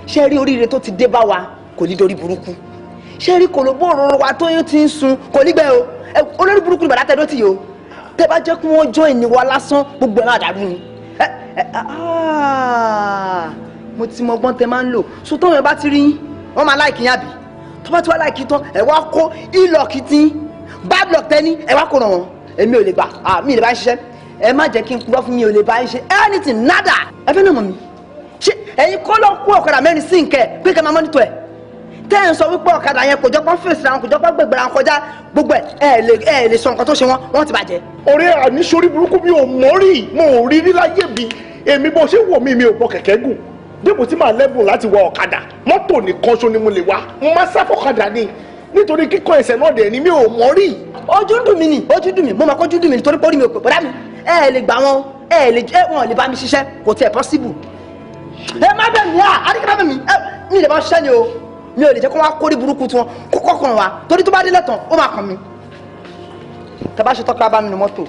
ṣé rí oríire tó ti dé bá wa kò ní dorí burúkú ṣé rí kòlóbó òróró wa tó yín ti ń sun kò ní gbẹ o olórí burúkú ni bàdá tẹ dọ́tì yìí o tẹ bá jẹ́ kí wọ́n jó ìníwọ́ lásán gbogbo ẹ̀ má dàrú ni. Ah, ah, mo ti mọ ọgbọ́n tẹ máa ń lò so tọ́wọ́n yẹn bá ti rí yín wọ́n máa láìkì yín àbí tó bá ti wá tán ẹ̀ wá kó ìlọ́ọ̀kì tí bad luck tẹ́ni ẹ̀ wá kó ràn wọ́n èmi ò lè gbà ah, mi ò lè bá ń ṣiṣẹ́ ẹ má jẹ́ kí n purọ́ fún mi ò lè bá ṣe anything nada ẹ fẹ́ náà mọ̀ mi ṣé ẹ̀yin kọ́ ló ń kó ọ̀kadà mẹ́rin sí nkẹ́ pé kẹ́ máa mọ́nítọ̀ ẹ̀ tẹ́ ẹ̀ ń sọ wípé ọ̀kadà yẹn kò jọ pọ́n fèsì ra wọn kò jọ pọ́n gbègbè ra wọn kọjá gbogbo ẹ̀ ẹ̀ lè ẹ̀ lè sọ nǹkan tó ṣe wọn wọ́n ti bàjẹ́. ọ̀rẹ́ àníṣorí burúkú mi ò mọ̀ rí mo ò rí rí láyé mi èmi bó ṣe wò mí mi ò bọ kẹ̀kẹ́ gùn dípò tí màá lẹ́bùn láti wa ọ̀kadà mọ́tò nìkan ṣo ni mo lè wa mo máa sá fọ́kadà ni nítorí kíkọ ẹsẹ̀ náà dẹ̀ ni mi ò mọ̀ rí. ojú possible. ẹ má bẹ̀ mí à àdìgbà bẹ̀ mí ẹ mi lè bá ṣiṣẹ́ ni mi ò lè jẹ́ kó wá kórí burúkú tiwọn kó kọ́kàn wá torí tó bá délẹ̀ tán ó máa kàn mí. tàbá ṣe tọ́ka bá mi mọ́tò.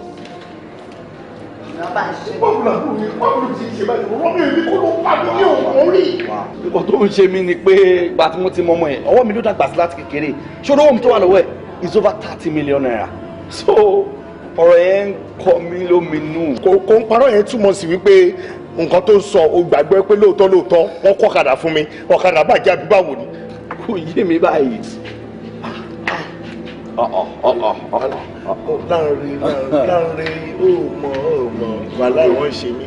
ìkọ̀ tó ń ṣe mí ni pé ìgbà tí mo ti mọ ọmọ yẹn ọwọ́ mi ló dàgbà sí láti kékeré ṣòro ohun tó wà lọ́wọ́ ẹ̀ is over thirty million naira so ọ̀rọ̀ yẹn ń kọ mí lóminú. kò ń parọ́ yẹn túmọ̀ sí wípé nǹkan tó ń sọ o gbàgbọ́ pé lóòótọ́ lóòótọ́ wọ́n kọ́ fún mi ọ̀kadà bàjẹ́ àbí báwo kò yé mi báyìí. Ah, ah, ah, oh, láàrin láàrin ó mọ ó mọ wàhálà wọn ṣe mí.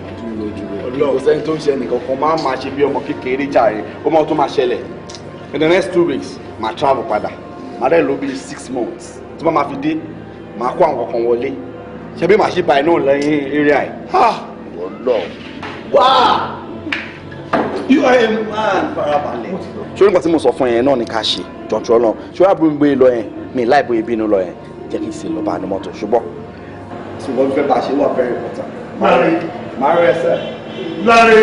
kò sẹ́ni tó ń ṣe ẹnìkan kan máa máa ṣe bí ọmọ kékeré jàre ó mọ tó máa ṣẹlẹ̀ in the next two weeks màá travel padà màá dẹ̀ ló bí six months tí wọ́n máa fi dé màá kó àwọn kankan wọlé ṣebí màá ṣe báyìí náà lẹ́yìn area yìí. wọ́n lọ. wáá you are a man farabalẹ̀. ṣé nígbà tí mo sọ fún yẹn náà ni ká ṣe jọ̀jọ̀ lọ ṣé wàá bóyá bóyá lọ yẹn mi láì bóyá bínú lọ yẹn jẹ́ kí n sì lọ bá ní mọ́tò ṣùgbọ́n. ṣùgbọ́n fífẹ́ bá ṣe wà very important. láre. máa rẹ ẹsẹ̀. láre.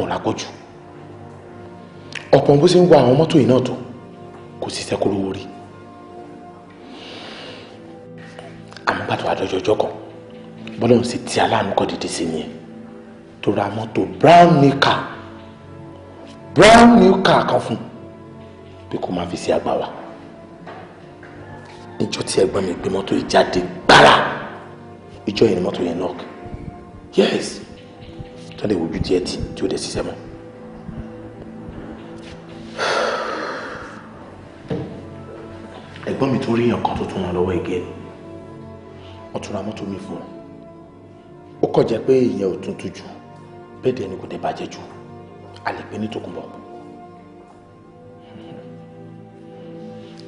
ọ̀rá pọ̀ jù ọ̀pọ̀ bó ṣe ń wa àwọn mọ́tò yìí náà tó kò sì sẹ́kù lówó rí àmúgbàtò àdọ́jọjọ́ kan bọ́lá sì ti aláàánú kọ́ dìde sí nìyẹn tó ra mọ́tò brown new car brown new car kan fún pé kó máa fi ṣe àgbà wa níjọ́ tí ẹ̀gbọ́n mi gbé mọ́tò yìí jáde gbára ìjọ́ yẹn ni mọ́tò yẹn knock yes tó lè wojú díẹ̀ tì tí ó dẹ̀ ṣiṣẹ́ mọ́. ẹ̀gbọ́n mi tún rí èèyàn kan tó tún wọn lọ́wọ́ ẹ̀gẹ́ ni wọ́n tún ra mọ́tò mi fún un ó kọ̀ jẹ́ pé ìyẹn ò tuntun jù bẹ́ẹ̀ dẹ̀ ni kò dẹ̀ bàjẹ́ jù a lè pè ní tòkunbọ̀.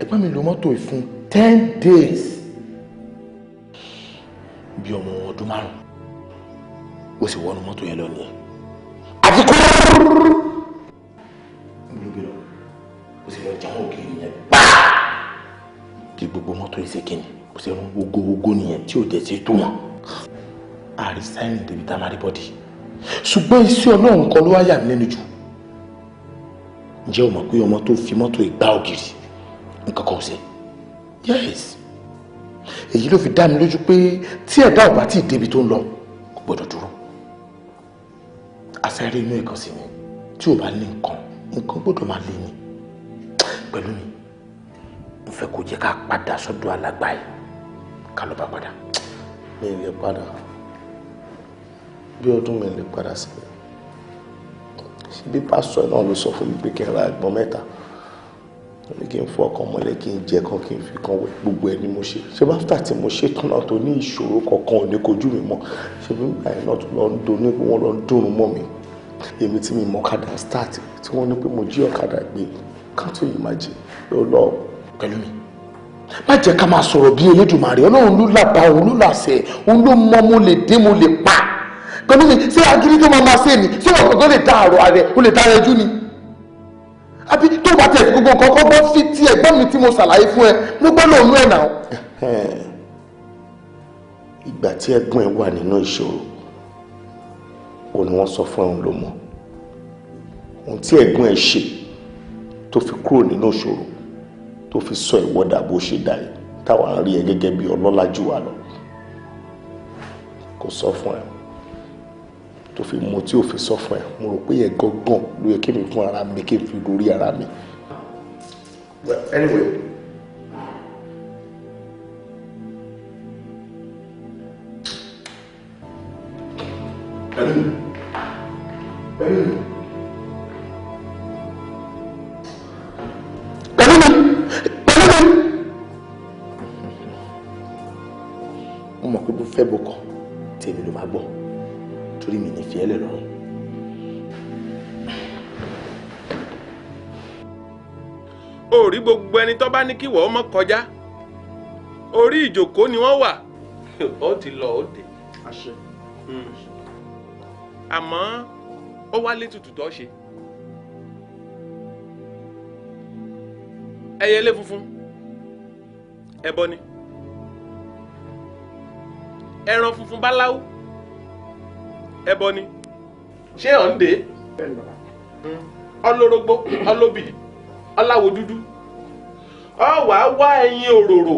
ẹ̀gbọ́n mi lo mọ́tò yìí fún ten days bí ọmọ ọdún márùn ó sì wọnú mọ́tò yẹn lọ nìyẹn àti kó gbogbo lọ ó sì lọ jáwọ́ ògiri yẹn pa kí gbogbo mọ́tò yìí ṣe kíni ó sì rún ogo ogo nìyẹn tí ò dẹ̀ sí tó wọn àrí sáyẹn débi tá a máa rí bọ́dì ṣùgbọ́n iṣẹ́ ọlọ́run kan ló wá yà mí lẹ́nu jù ǹjẹ́ o mọ̀ pé ọmọ tó fi mọ́tò ìgbà ògiri nǹkan kan ò ṣe yes èyí ló fi dá mi lójú pé tí ẹ̀dá ò bá tí ì débi tó ń lọ kò gbọ́dọ̀ dúró asáré inú ìkan sí mi tí ò bá ní nǹkan nǹkan gbọ́dọ̀ máa lé mi pẹ̀lú mi mo fẹ́ kó jẹ́ ká padà sọ́dọ̀ alàgbà yìí ká lọ bá padà. mi ò lè padà bí ọdún mi lè padà sí mi ṣe bí náà ló sọ fún mi pé kí n ra mo ní kí n fọ ọkàn mọ́lẹ̀ kí n jẹ kan kí n fi kan wẹ̀ gbogbo ẹ̀ ni mo ṣe ṣé báfítà tí mo ṣe tán náà tó ní ìṣòro kankan ò ní kojú mi mọ́ ṣé bí ìgbà yẹn náà tó lọ ń doni pé wọ́n lọ ń dùnrún mọ́ mi èmi tí mi mọ ọ̀kadà start tí wọ́n ní pé mo jí ọ̀kadà gbé kátó yìí má jẹ ló lọ pẹ̀lú mi má jẹ́ ká máa sọ̀rọ̀ bí Elédùmarè Ọlọ́run ló làbá òun ló làṣẹ òun ló mọ mo lè dé mo lè pa pẹ̀lú mi ṣé agídí tó máa máa ṣe mi ṣé wọn àbí tó bá tẹ̀ gbogbo nǹkan kọ́ bọ́ fi ti ẹ̀gbọ́n mi tí mo ṣàlàyé fún ẹ mo gbọ́ lòun ẹ̀ náà. ìgbà tí ẹ̀gbọ́n ẹ wà nínú ìṣòro ò ní wọ́n sọ fún ẹ̀hún ló mọ̀ ohun tí ẹ̀gbọ́n ẹ ṣe tó fi kúrò nínú ìṣòro tó fi sọ ìwọ́dà bó ṣe dà yìí táwa ń ẹ gẹ́gẹ́ bí ọlọ́lá jù wá lọ kò sọ fún ẹ tó fi mu tí ò fi sọ fún ẹ mo rò pé yẹn gangan ló yẹ kí mi fún ara mi kí n fi lórí ara mi. anyway. Pẹ̀lú pẹ̀lú mo mọ̀ pé bó fẹ́ bó kọ̀ tèmi ló máa gbọ́ torí mi ní fi ẹ́lẹ̀ lọ́rùn. orí gbogbo ẹni tó bá ní kí wọ́n mọ́ kọjá orí ìjòkó ni wọ́n wà ó ti lọ ó dé. Hmm. àmọ́ ó wálé tutù tó ṣe. ẹyẹlé funfun ẹbọ ni ẹran funfun báláwo ẹbọ ni ṣé ọ̀ ń dé ọlọ́rọ́gbó ọlọ́bì ọláwo dúdú ọ wàá wá ẹyin òróró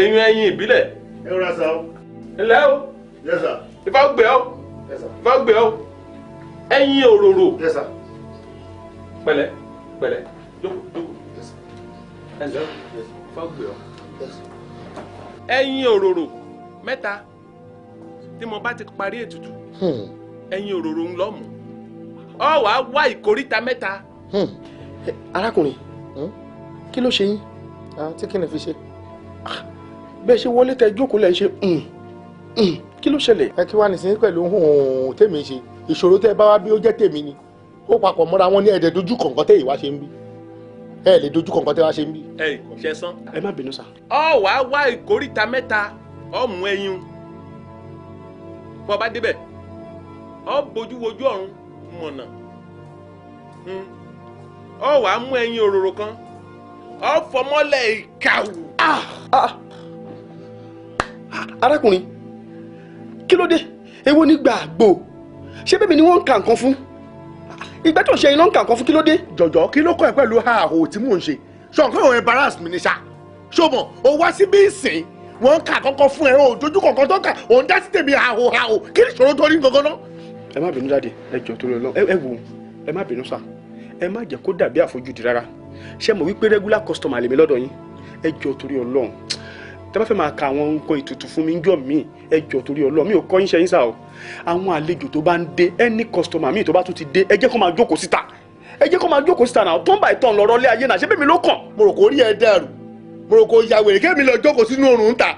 ẹyin ẹyin ìbílẹ̀ ńlẹ́ o ìfọ̀ gbé o ìfọ̀ gbé o ẹyin òróró pẹ̀lẹ́ pẹ̀lẹ́ jókòó jókòó ẹ̀ńlẹ́ o ìfọ̀ gbé o ẹyin òróró mẹ́ta tí mo bá ti parí ètùtù hmm. ẹ̀yin òróró ń lọ́mù ọ wàá wá ìkóríta mẹ́ta. Hmm. arákùnrin hmm, kí ló ṣe yín tí kí ni fi ṣe ah, bẹ́ẹ̀ ṣe wọlé tẹ jókòó lẹ́ ṣe kí ló ṣẹlẹ̀. ẹ kí wàá nísìnyí pẹ̀lú tèmi ṣe ìṣòro tẹ bá wá bí ó jẹ́ tèmi ni ó papọ̀ mọ́ra wọn ní ẹ̀ẹ́dẹ̀ dojú kọ̀ǹkan tẹ̀ ìwá ṣe ń bí ẹ lè dojú kọ̀ǹkan tẹ̀ wá ṣe ń bí. ẹ ṣe sán. ẹ má bínú sá. ọ wàá wá ìkóríta mẹ́ta ọmú ẹyin bọ́ ọ bá débẹ̀ ọ bójú wojú ọ̀run mọ̀nà ọ hmm. wàá mú ẹyin òróró kan ọ fọmọ́lẹ̀ ìkàwù. Ah! Ah! arákùnrin kí ló dé èwo ni gbàgbó ṣé bẹ́ẹ̀ mi ni wọ́n ń ka nǹkan fún ìgbà tó ń ṣe iná ń ka nǹkan fún kí ló dé. jọ̀jọ̀ kí ló kọ́ ẹ pẹ̀lú àhò tí mò ń ṣe ṣọ̀kan ò embarrass mi ni ṣá ṣọmọ o wá síbí ìsìn wọ́n ń kà kọ́kọ́ fún ẹ o dojú kọ̀ọ̀kan tó ń kà òun dá sí tèmi àhò àhò kí ni ìṣòro tó rí gangan náà. ẹ má bínú jáde ẹ jọ torí ọlọ ẹ wò ẹ má bínú sà ẹ má jẹ́ kó dàbí àfojúdi rárá ṣé mo wípé regular customer lèmi lọ́dọ̀ yín ẹ jọ torí Ọlọ́run tẹ́ bá fẹ́ máa ka àwọn nǹkan ìtùtù fún mi ń jọ mí ẹ jọ torí Ọlọ́run mi ò kọ́ yín ṣe yín sà o àwọn àlejò tó bá ń dé any customer mi tó bá tún ti dé ẹ jẹ́ kó máa jókòó síta ẹ jẹ́ kó máa jókòó síta náà tọ́ńbà ìtàn lọ́rọ́ lé ayé náà ṣé bẹ́ẹ̀ mi ló kàn mo rò kó rí ẹ dẹ́rù mo rò kó ya wèrè kémi lọ jókòó sínú oòrùn ta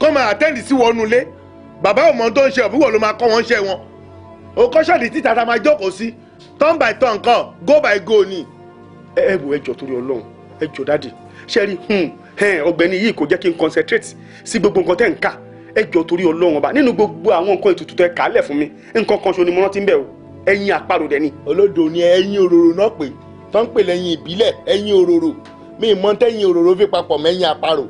kó máa àtẹ́ǹdì sí wọnú ilé bàbá ọmọ tó ń ṣe òbúwọ̀ ló máa kọ́ wọn ṣe wọn o kọ́ ṣọ́ọ̀dì títa ta máa jókòó sí turn by turn kan go by go ni. ẹ ẹ wo ẹjọ torí Ọlọ́run ẹjọ dáàdì ṣẹrí hmm, eh, ọ̀gbẹ́ni yìí kò jẹ́ kí n concentrate sí gbogbo nǹkan tẹ́ ń kà ẹjọ torí Ọlọ́run ọba nínú gbogbo àwọn nǹkan ètùtù tẹ́ kàálẹ̀ fún mi nǹkan kan ṣo ni mo rántí ń bẹ̀ o ẹyin àparò dẹ ni. olódò ni ẹyin òróró náà pè tó ń pè lẹ́yìn ìbílẹ̀ ẹyin òróró mi ì mọ tẹ́yìn òróró fi papọ̀ mẹ́yìn àparò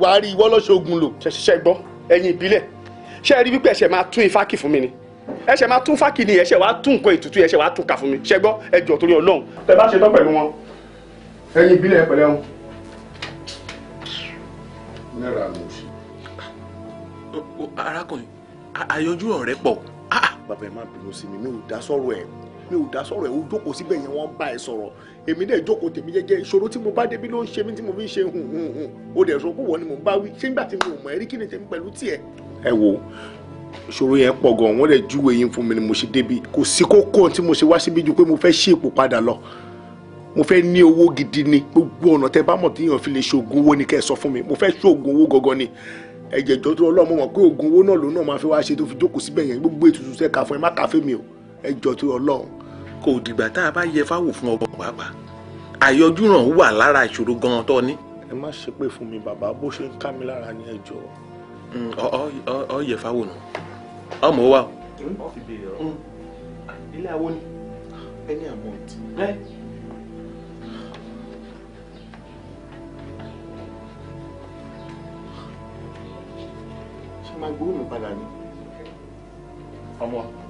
wàá rí ìwọ́ lọ́ṣọ́gun lò. ṣẹṣẹ gbọ́ ẹ̀yin ìbílẹ̀ ṣe rí wípé ẹ̀ṣẹ̀ máa tún ifákì fún mi ni ẹ̀ṣẹ̀ máa tún fákì ni ẹ̀ṣẹ̀ wàá tún nǹkan ètùtù ẹ̀ṣẹ̀ wàá tún kà fún mi ṣẹ gbọ́ ẹjọ́ torí Ọlọ́run. tẹ bá ṣe tán pẹ̀lú wọn ẹ̀yin ìbílẹ̀ ẹ pẹ̀lẹ́ wọn. náírà ló ṣe. arákùnrin àyọjú ọ̀rẹ́ pọ̀. Ah, ah. bàbá ẹ má bínú sí mi mi ò dá sọ̀rọ̀ ẹ̀ mi ò dá sọ̀rọ̀ ẹ̀ ó jókòó síbẹ̀ yẹn wọ́n bá ẹ sọ̀rọ̀ èmi dẹ̀ jókòó tèmi jẹ́jẹ́ ìṣòro tí mo bá débi ló ń ṣe mí tí mo fi ń ṣe hùn hùn hùn o dẹ̀ sọ pé wọ́n ni mo ń bá wí ṣé nígbà tí mi ò mọ̀ ẹ́ rí kí ni tèmi pẹ̀lú tiẹ̀. ẹ wo ìṣòro yẹn pọ̀ gan wọ́n dẹ̀ júwe yín fún mi ni mo ṣe débi kò sí kókó tí mo ṣe wá síbi ju pé mo fẹ́ ṣí ipò padà lọ mo fẹ́ ní owó gidi ni gbogbo ọ̀nà tẹ bá mọ̀ tí èèyàn fi lè ṣoògùn owó ni kẹ́ ẹ sọ fún mi mo fẹ́ ṣoògùn owó gangan ni ẹ̀jẹ̀ jọ tó ọlọ́mọ mọ̀ pé oògùn owó náà lòun náà máa fi wá ṣe tó fi jókòó síbẹ̀ yẹn gbogbo ètùtù sẹ́ka fún ẹ má kàfé mi o ẹ̀jọ̀ tó ọlọ́run kò dìgbà tá a bá yẹ fáwò fún ọgbọ́n pàápàá àyọjú náà wà lára ìṣòro gan-an tó ní. ẹ má ṣe pé fún mi bàbá bó ṣe ń ká mi lára ni ẹ jọ. Mm, ọ yẹ fáwò nù ọmọ wa. Mm. ilé awo ni ẹni àmọ́ ìtì. ṣé máa gbóhùn padà ni. ọmọ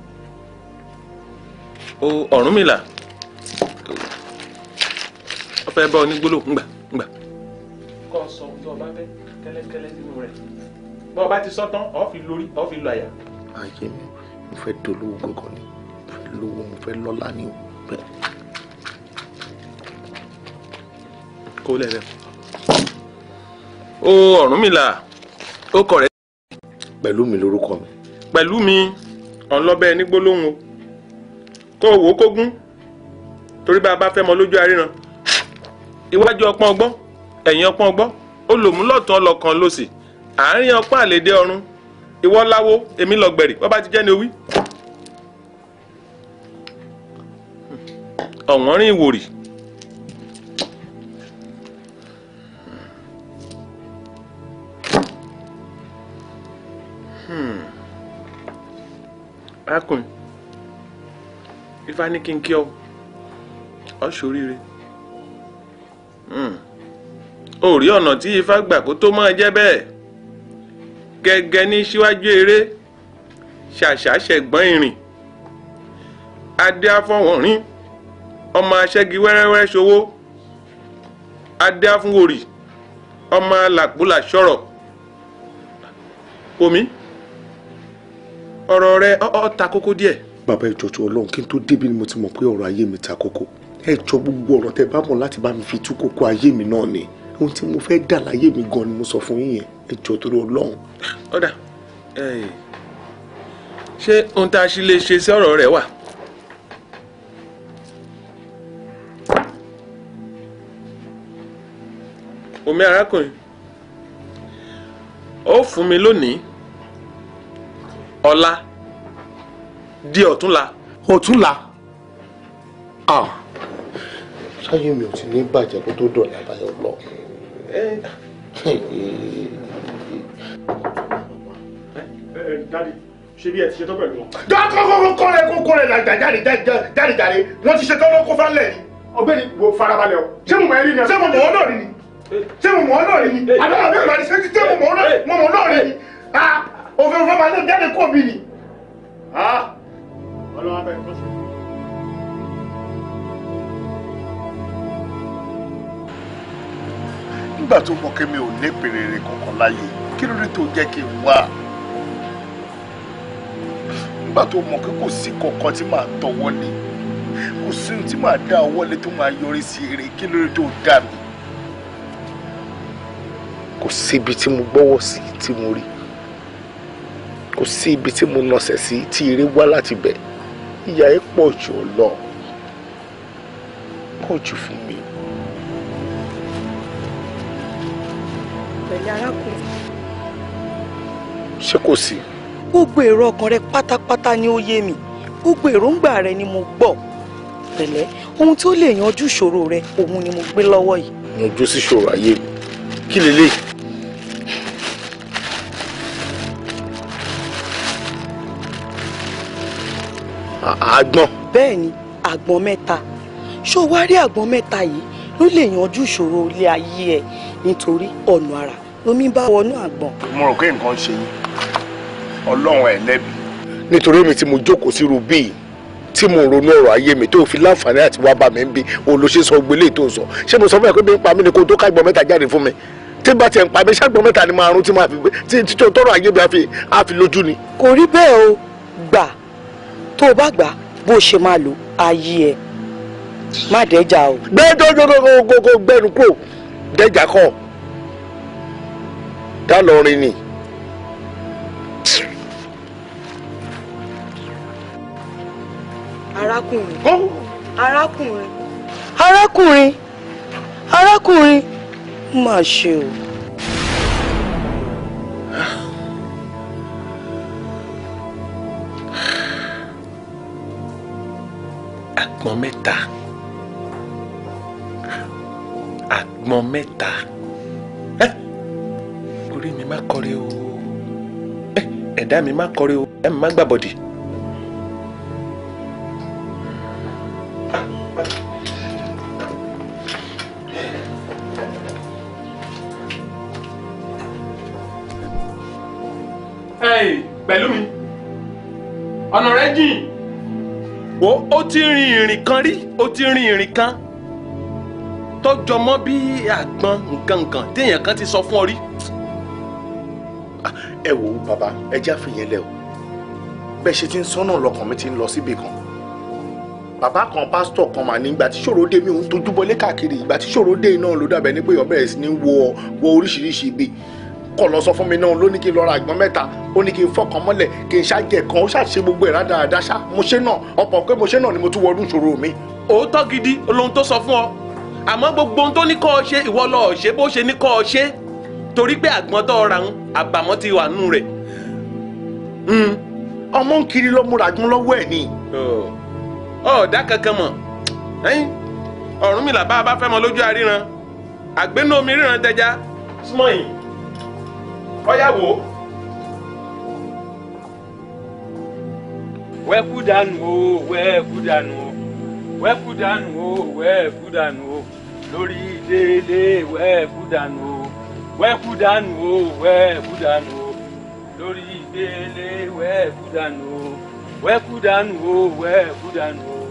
o Ọ̀rúnmìlà ó fẹ́ bá onígbólóhùn gbà gbà. kọ́ ọ sọ ohun tó o bá fẹ́ kẹ́lẹ́kẹ́lẹ́ nínú rẹ̀ bọ́ ọ bá ti sọ tán ọ fi lórí ọ fi lọ àyà. ayé mi mo fẹ́ dolówó gọ́gọ́ ni mo fẹ́ lówó mo fẹ́ lọ́lá ni o. kó lẹ́rẹ̀ o Ọ̀rúnmìlà ó kọ̀ rẹ́. pẹ̀lú mi lórúkọ mi. pẹ̀lú mi ọ̀nlọ́bẹ̀ nígbólóhùn o kó o wò ó kógún torí bá a bá fẹ́ mọ lójú aríran iwájú ọpọ́n ọgbọ́n ẹ̀yìn ọpọ́n ọgbọ́n olùmúlọ̀tàn ọlọ́kan lòsì àárín ọpọ́n àlédè ọrùn ìwọ láwo èmi lọ́gbẹ̀rì wọ́n bá ti jẹ́ ni owí. ọ̀wọ́n rìn ìwòrì. Hmm. Akun ifá ní kí n kí ọ ọ ṣoríire ó hmm. rí ọ̀nà tí ifá gbà kó tó máa jẹ́ bẹ́ẹ̀ gẹ́gẹ́ ní síwájú eré ṣàṣà ṣẹ̀gbọ́n ìrìn adé afọwọ́rin ọmọ aṣẹ́gi wẹ́rẹ́wẹ́rẹ́ ṣòwò adé afúnworì ọmọ alàpùlà ṣọ̀rọ̀ omi ọ̀rọ̀ rẹ ọ́ ta kókó díẹ̀ bàbá ìjọ tó ọlọ́run kí n tó débi ni mo ti mọ̀ pé ọ̀rọ̀ ayé mi ta kókó ẹ jọ gbogbo ọ̀rọ̀ tẹ bá mọ̀ láti bá mi fi tú kókó ayé mi náà ni ohun tí mo fẹ́ dà láyé mi gan ni mo sọ fún yín yẹn ẹ jọ torí ọlọ́run. ọ̀dà ṣé ohun tá a ṣe lè ṣe sí ọ̀rọ̀ rẹ̀ wà. omi arákùnrin ó fún mi lónìí ọ̀la di ọ̀túnla. ọ̀túnla ah. ṣáyé mi ò ti ní bàjẹ́ kó tó dọ̀la báyọ̀ lọ. ṣe bí ẹ ti ṣetán pẹ̀lú wọn. dọ́kọ̀ kọ́ ẹ kó kọ́ ẹ la jáde jáde jáde wọ́n ti ṣetán lọ́kọ́ fánlẹ̀ ni ọ̀gbẹ́ni wo farabalẹ̀ o ṣé mo mọ̀ ẹ́ rí ni ṣé mo mọ̀ ọ́ náà rí ni ṣé mo mọ̀ ọ́ náà rí ni àbẹ́rẹ́ àbẹ́rẹ́ ìbàdí ṣé ṣé mo mọ̀ ọ́ náà rí ni ah, òfin òfin máa ń jáde kó mi ni. Ah ọlọ́wọ́ abẹ́rẹ́ tó sùn. nígbà tó mọ̀ kí mi ò ní pèrèrè kankan láyè kí ló dé tó jẹ́ kí n wá nígbà tó mọ̀ pé kò sí kankan tí màá tọwọ́ lé kò sí ohun tí màá dá ọwọ́ lé tó máa yọrí sí eré kí ló tó dá mi. kò sí ibi tí mo gbọ́wọ́ sí tí mo rí kò sí ibi tí mo nọsẹ̀ sí tí eré wá láti bẹ̀ẹ́ ìyà ẹ pọ̀ jù ọ lọ pọ̀ jù fún mi. pẹ̀lú arákùnrin. ṣé kò sí. gbogbo èrò ọkàn rẹ pátápátá ni ó yé mi gbogbo èròǹgbà rẹ ni mo gbọ́ pẹ̀lẹ́ ohun tó lè yanjú ìṣòro rẹ òun ni mo gbé lọ́wọ́ yìí. yanjú síṣòro ayé mi kí lélẹ́yìí. àgbọn. bẹ́ẹ̀ni àgbọn mẹ́ta ṣó o wá rí àgbọn mẹ́ta yìí ló lè yanjú ìṣòro ilé ayé ẹ nítorí ọ̀nà àrà lómi bá wọnú àgbọn. mo rò pé nǹkan ṣe yín ọlọ́run ẹ̀ lẹ́bi. nítorí èmi tí mo jókòó sí rubí yìí tí mo ronú ọ̀rọ̀ ayé mi tó fi láǹfààní àti wá bá mi ń bi olóṣè sọ gbélé tó sọ ṣé mo sọ fún ẹ pé mi ń pa mí ni kó tó ká ìgbọ̀n mẹ́ta jáde fún mi tí bá tiẹ̀ ń pa mí ṣàgbọ̀n mẹ́ta ni màá rún tí màá fi gbé tí títọ́ tọrọ ayé mi àfi lójú ni. kò rí bẹ́ẹ̀ o gbà tó o bá gbà bó o ṣe máa lò ayé ẹ má dẹ́jà o. gbé dójógógógógó gbẹnu kúrò dẹ́jà kọ́ dá lọ rin ni. arákùnrin àgbọn mẹ́ta àgbọn mẹ́ta orí mi má kọrin o ẹ̀dá mi má kọrin o ẹ̀dá mi má gbàbọ̀dì. pẹ̀lú mi ọ̀nà rẹ jìn wo ó ti rin ìrìn kan rí ó ti rin ìrìn kan tọjọ mọ bí àgbọn nǹkan nǹkan téèyàn kan ti sọ fún ọ rí. ẹ wo bàbá ẹ já fìyẹn lẹ o bẹ́ẹ̀ ṣe ti ń sọ́nà lọkàn mi ti ń lọ síbi kan bàbá kan pásítọ̀ kan mà ní ìgbà tí ṣòro dé mi òun tójú bọlé káàkiri ìgbà tí ṣòro dé iná ló dàbẹ̀ ní pé ọ̀bẹ̀rẹ̀ sí ní wo oríṣiríṣi ibi kọ̀ lọ sọ fún mi náà ló ní kí n lọ ra àgbọn mẹ́ta ó ní kí n fọkàn mọ́lẹ̀ kí n ṣàjẹ kan ó ṣàṣe gbogbo ẹ̀ rádaràda ṣá mo ṣe náà ọ̀pọ̀ pé mo ṣe náà ni mo tún wọdún ìṣòro mi. òótọ́ gidi olóhun tó sọ fún ọ àmọ́ gbogbo ohun tó ní kọ́ ọ ṣe ìwọ lọ ṣe bó ṣe ní kọ́ ọ ṣe torí pé àgbọn tó ra àbàmọ́ ti wà nù rẹ̀. Hmm. ọmọ ń kiri lọ múra gún lọ́wọ́ ẹ̀ ni. ọ̀ọ́dà kankan mọ̀ Ọ̀rúnmìlà bá a bá fẹ́ mọ lójú àríran àgbénú omi ríran tẹja ọyàwó. wẹ́ẹ̀kú dànù o wẹ́ẹ̀kú dànù o wẹ́ẹ̀kú dànù o wẹ́ẹ̀kú dànù o lórí délé wẹ́ẹ̀kú dànù o wẹ́ẹ̀kú dànù o wẹ́ẹ̀kú dànù o lórí délé wẹ́ẹ̀kú dànù o wẹ́ẹ̀kú dànù o wẹ́ẹ̀kú dànù o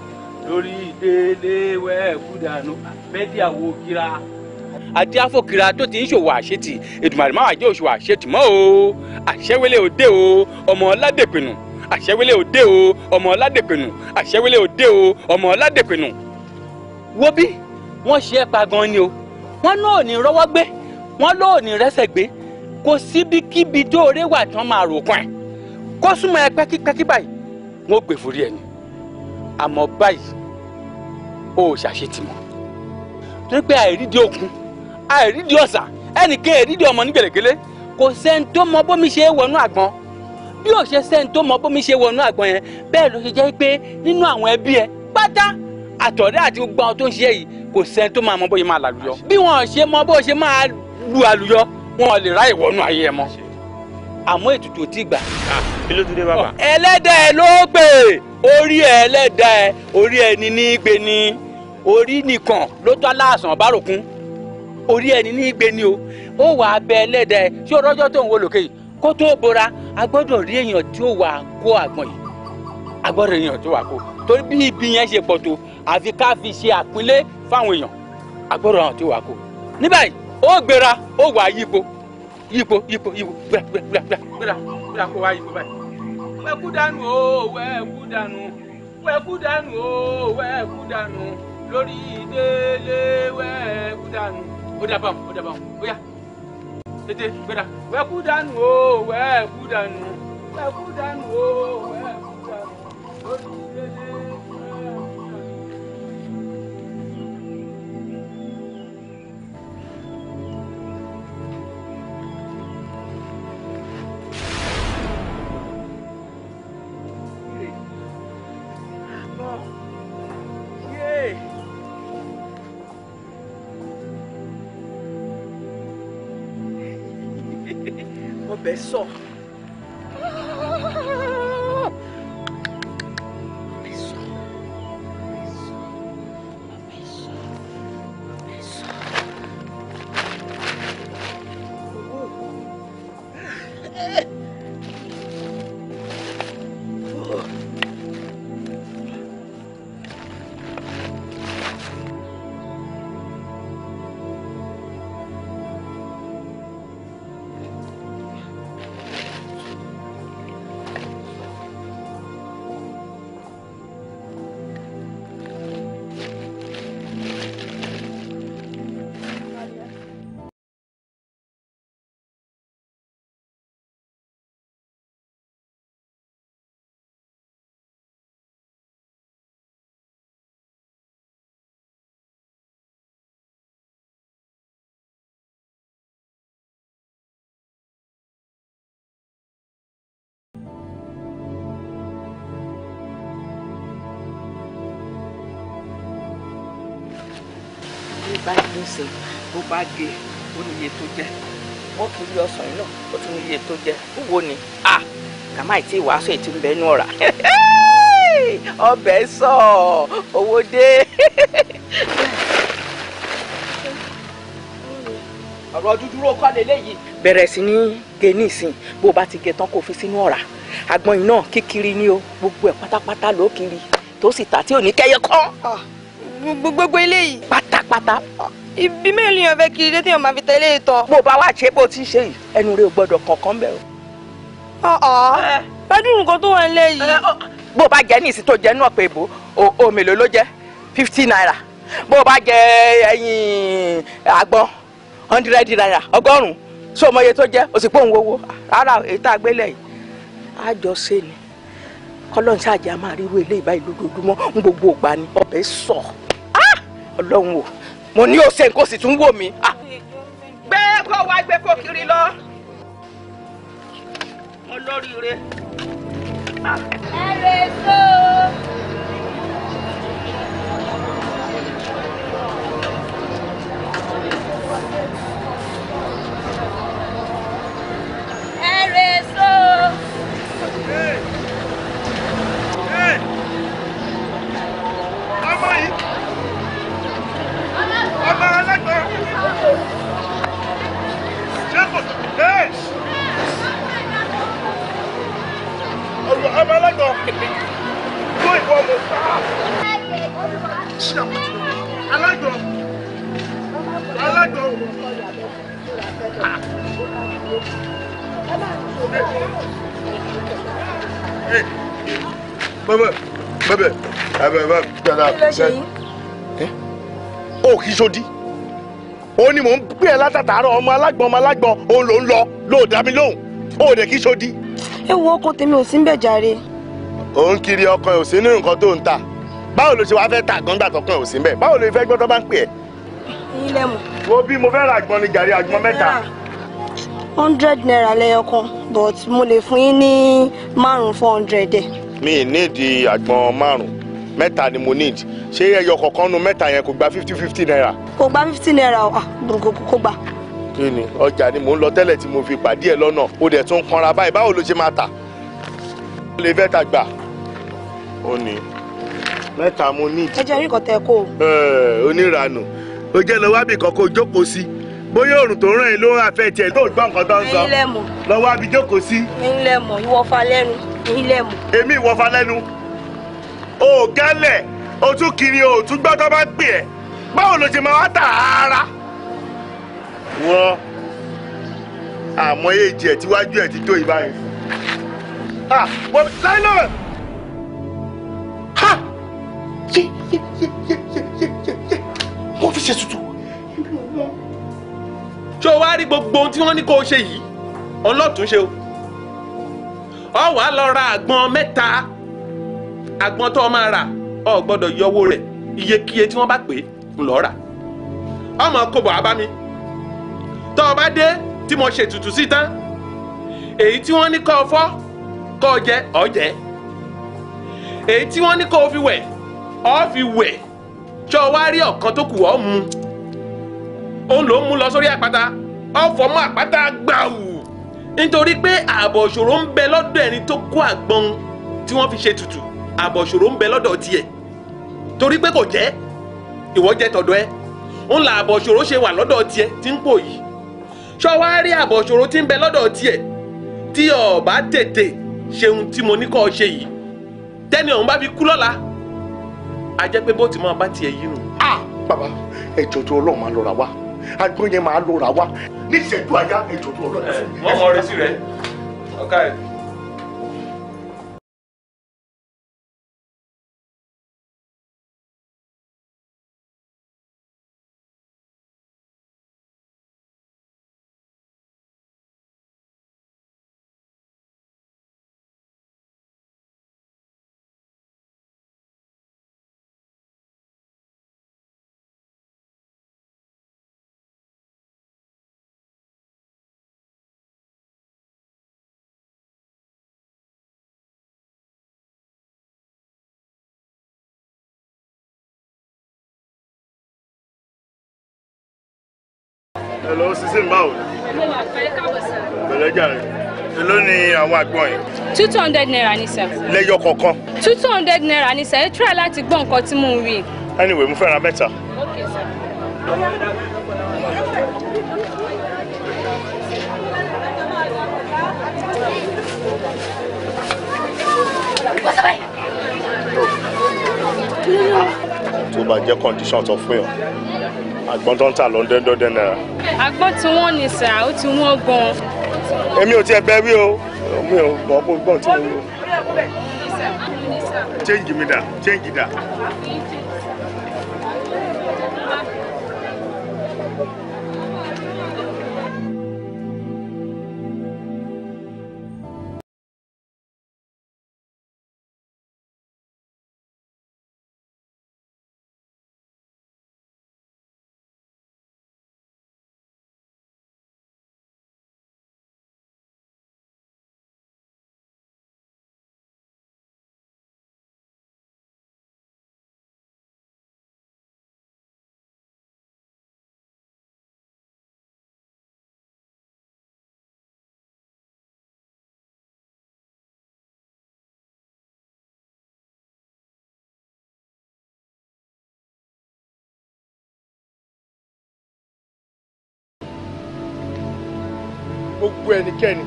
lórí délé wẹ́ẹ̀kú dànù abẹ́díàwó kíra àti afọkìra tó ti ń ṣòwò àṣetì Èdùmàrè máa wà àṣetì mọ́ o àṣẹwélé òde o ọmọ ọládèpinnu àṣẹwélé òde o ọmọ ọládèpinnu àṣẹwélé òde o ọmọ ọládèpinnu. wo bí wọ́n ṣe é pa gan ni o wọ́n náà ò ní rọ́wọ́ gbé wọ́n náà ò ní rẹ́sẹ̀ gbé kò síbikíbi tó oré wà tán máa rò kàn ẹ́ kó súnmọ́ ẹ pẹ́kípẹ́kí báyìí wọ́n gbè fúri ẹ̀ ni àmọ́ báyìí ó ṣàṣetì mọ́ torí àìrídìí òkun àìrídìí ọ̀sà ẹnìkan èrídìí ọmọ ní gẹ̀lẹ́gẹ́lẹ́ kò sẹ́ni tó mọ bómi ṣe wọnú àgbọn bí ò ṣe sẹ́ni tó mọ bómi ṣe wọnú àgbọn yẹn bẹ́ẹ̀ ló ṣe jẹ́ pé nínú àwọn ẹbí ẹ pátá àtọ̀rẹ́ àti gbogbo àwọn tó ń ṣe yìí kò sẹ́ni tó máa mọ bóyá máa làlùyọ bí wọn ṣe mọ bó ṣe máa lu àlùyọ wọn lè ráyè wọnú ayé ẹ mọ àmọ́ ètùtù ò tí gbà. kí ló dé orí ẹlẹ́dàá orí ẹni ní gbé ni orí nìkan ló tó aláàsàn bárokún orí ẹni ní igbe ni o ó wà abẹ ẹlẹ́dẹ̀ ṣé ọlọ́jọ́ tó ń wo lòkè yìí kó tó bora a gbọ́dọ̀ rí èèyàn tí ó wà kó àgbọ̀n yìí a gbọ́dọ̀ rí èèyàn tó wà kó torí bí ibi yẹn ṣe pọ̀ tó àfi ká fi ṣe àpínlé fáwọn èèyàn a gbọ́dọ̀ àwọn tó wà kó ní báyìí ó gbéra ó wà yípo yípo yípo yípo gbéra gbéra gbéra gbéra gbéra kó wá yípo báyìí wẹ́ẹ̀kú dànù o wẹ́ẹ̀kú dànù wẹ́ẹ̀kú dànù o wẹ́ẹ̀kú dànù lórí délé wẹ́ẹ̀kú dànù ó dà báwọn ó dà báwọn ó yá tètè gbéra wẹ́kú dànù o wẹ́ẹ̀kú dànù wẹ́ẹ̀kú dànù o wẹ́ẹ̀kú dànù. só. báyìí ló ṣe bó bá gé ó ní iye tó jẹ ó tún yọ ọsàn yìí náà ó tún ní iye tó jẹ owó ni a kàmá ìtì ìwàásù ètí ń bẹnu ọ̀rà ọbẹ̀ sọ owó dé. ọ̀rọ̀ dúdúró kọ́ lélẹ́yìí. bẹ̀rẹ̀ sí ní gé nísìn bó o bá ti gé tán kó o fi sínú ọ̀rá àgbọn yìí náà kíkiri ni o gbogbo ẹ̀ pátápátá ló kiri tó sì tà tí ò ní kẹ́yẹ kọ́. Ah, gbogbo eléyìí. pátá pata ibi mélòó yẹn fẹ́ kiri dé téèyàn máa fi tẹ́lẹ̀ ìtọ́. bó o bá wà ṣe bó o ti ṣe yìí ẹnu rẹ ò gbọdọ̀ kankan ọ ọ ọ̀ọ́ bẹ́ẹ̀dùn nǹkan tó wà bó bá jẹ tó bó bá ẹyin àgbọn hundred naira ọgọ́rùn-ún iye tó mo ní òsè nǹkan sì tún wò mí. gbé kó wá gbé kó kiri lọ olóríire. ẹ lè tó. bẹ́ẹ̀ bẹ́ẹ̀ bẹ́ẹ̀ bẹ́ẹ̀ dada bẹ́ẹ̀. o kì í sodi ó ní mò ń gbé ẹ látàtàárọ̀ ọmọ alágbọ̀n ọmọ alágbọ̀n òun ló ń lọ lóò mi lóhùn ó dẹ̀ kì í sodi. ẹ wo ọkàn tèmi ò sí ń bẹ̀ ò ń kiri ọkàn ò sí nínú nǹkan tó ń ta báwo ló ṣe wáá fẹ́ ta àgbọ̀ngbà tọkàn ò sí ń bẹ̀ báwo ló fẹ́ gbọ́ bá ń pè ẹ́. ilé mu. wo bí mo fẹ́ ra àgbọn ni jàre àgbọn mẹ́ta. hundred naira lẹ́yọ̀kan but mo lè fún yín ní márùn four hundred ẹ. mi need àgbọn márùn mẹ́ta ni mo need ṣé ẹyọ kọ̀ọ̀kan nu mẹ́ta yẹn kò gba fifty fifty naira. kò gba fifty naira o ah, kò gba. kí ni ọjà ni mò ń lọ tẹ́lẹ̀ tí mo fi pàdé ẹ lọ́nà o dẹ̀ tún kanra báyìí báwo ló ṣe máa tà. ó lè fẹ́ ta gbà ó ní mẹ́ta mo need. ẹ jẹ́ rí nǹkan tẹ kó o. onírànù o jẹ́ lọ wábì kan jókòó sí bóyá òrùn tó ń ràn yín ló ń afẹ́ tiẹ̀ tó gbọ́ nǹkan tó ń sọ lọ́wọ́ abijókòó sí. ilé mọ̀ ìwọ́fà lẹ́nu èmi ìwọ́fà lẹ́nu o gálẹ̀ o tún kiri o tún gbọ́ tó bá gbé ẹ̀ báwo ló ṣe máa wá tààrà. wọ́n àmọ́ èjì ẹ̀ tíwájú ẹ̀ ti tó ìbáyìí. ah wọ́n láìlọ́ọ̀ ha Ye ye ye ye ye ye wọ́n fi ṣe tuntun ṣé o wá rí gbogbo ohun tí wọ́n ní kó o ṣe yìí ọlọ́tún ṣe o ọ wàá lọ ra àgbọn mẹ́ta àgbọn tó o máa rà ọ gbọ́dọ̀ yọ owó rẹ̀ iyekíye tí wọ́n bá pè é ńlọ rà ọmọ kò bọ̀ abá mi tọ́ ọ bá dé tí mo ṣètùtù sí tán èyí tí wọ́n ní kọ́ ọ fọ́ kọ́ ọ jẹ ọ jẹ èyí tí wọ́n ní kọ́ ọ fi wẹ̀ ọ fi wẹ̀ tí wá rí ọ̀kan tó kù ọ mu òun ló ń mú lọ sórí àpáta ọ̀fọ̀ mọ́ àpáta gbàù nítorí pé ààbọ̀ ìṣòro ń bẹ lọ́dọ̀ ẹni tó kó àgbọn tí wọ́n fi ṣe tutù ààbọ̀ ìṣòro ń bẹ lọ́dọ̀ tiẹ̀ torí pé kò jẹ́ ìwọ jẹ́ tọ̀dọ̀ ẹ ń la ààbọ̀ ìṣòro ṣe wà lọ́dọ̀ tiẹ̀ tí ń pò yìí ṣọ́ wá rí ààbọ̀ ìṣòro tí ń bẹ lọ́dọ̀ tiẹ̀ tí o bá tètè ṣeun tí mo ní kọ́ ṣe yìí tẹ́ni ọ̀hún bá fi kú lọ́la a jẹ́ pé bó ti máa bá tiẹ̀ yìí nù. ah bàbá ẹjọ́ tó Ọlọ́run máa lọ́ra wá àgbọn máa lọ rà wá níṣẹ́jú àyà ẹ̀jọ̀ ọlọ́run wọ́n mọ orí sí rẹ̀ ọ̀ká ẹ̀. Hello, Susan báwo. Bẹ̀rẹ̀ jàre. Èló ni àwọn àgbọn yìí? Two hundred naira ni sir. Lẹ́yọ kọ̀ọ̀kan. Two two hundred naira ni sir. Ẹ try láti gbọ́ nǹkan tí mò ń rí. Anyway, mo fẹ́ ra mẹ́ta. Okay sir. tó bá jẹ́ condition tó fún yàn àgbọn tó ń tà lọ́ndẹ́ dọ́dẹ́ náírà. àgbọn tí wọ́n ní sà ó ti wọ́n gan. èmi ò tiẹ̀ bẹ́ wí o mi ò gbọ́ pé gbọ́n tí mo wí change mi dà change dà. ẹnikẹ́ni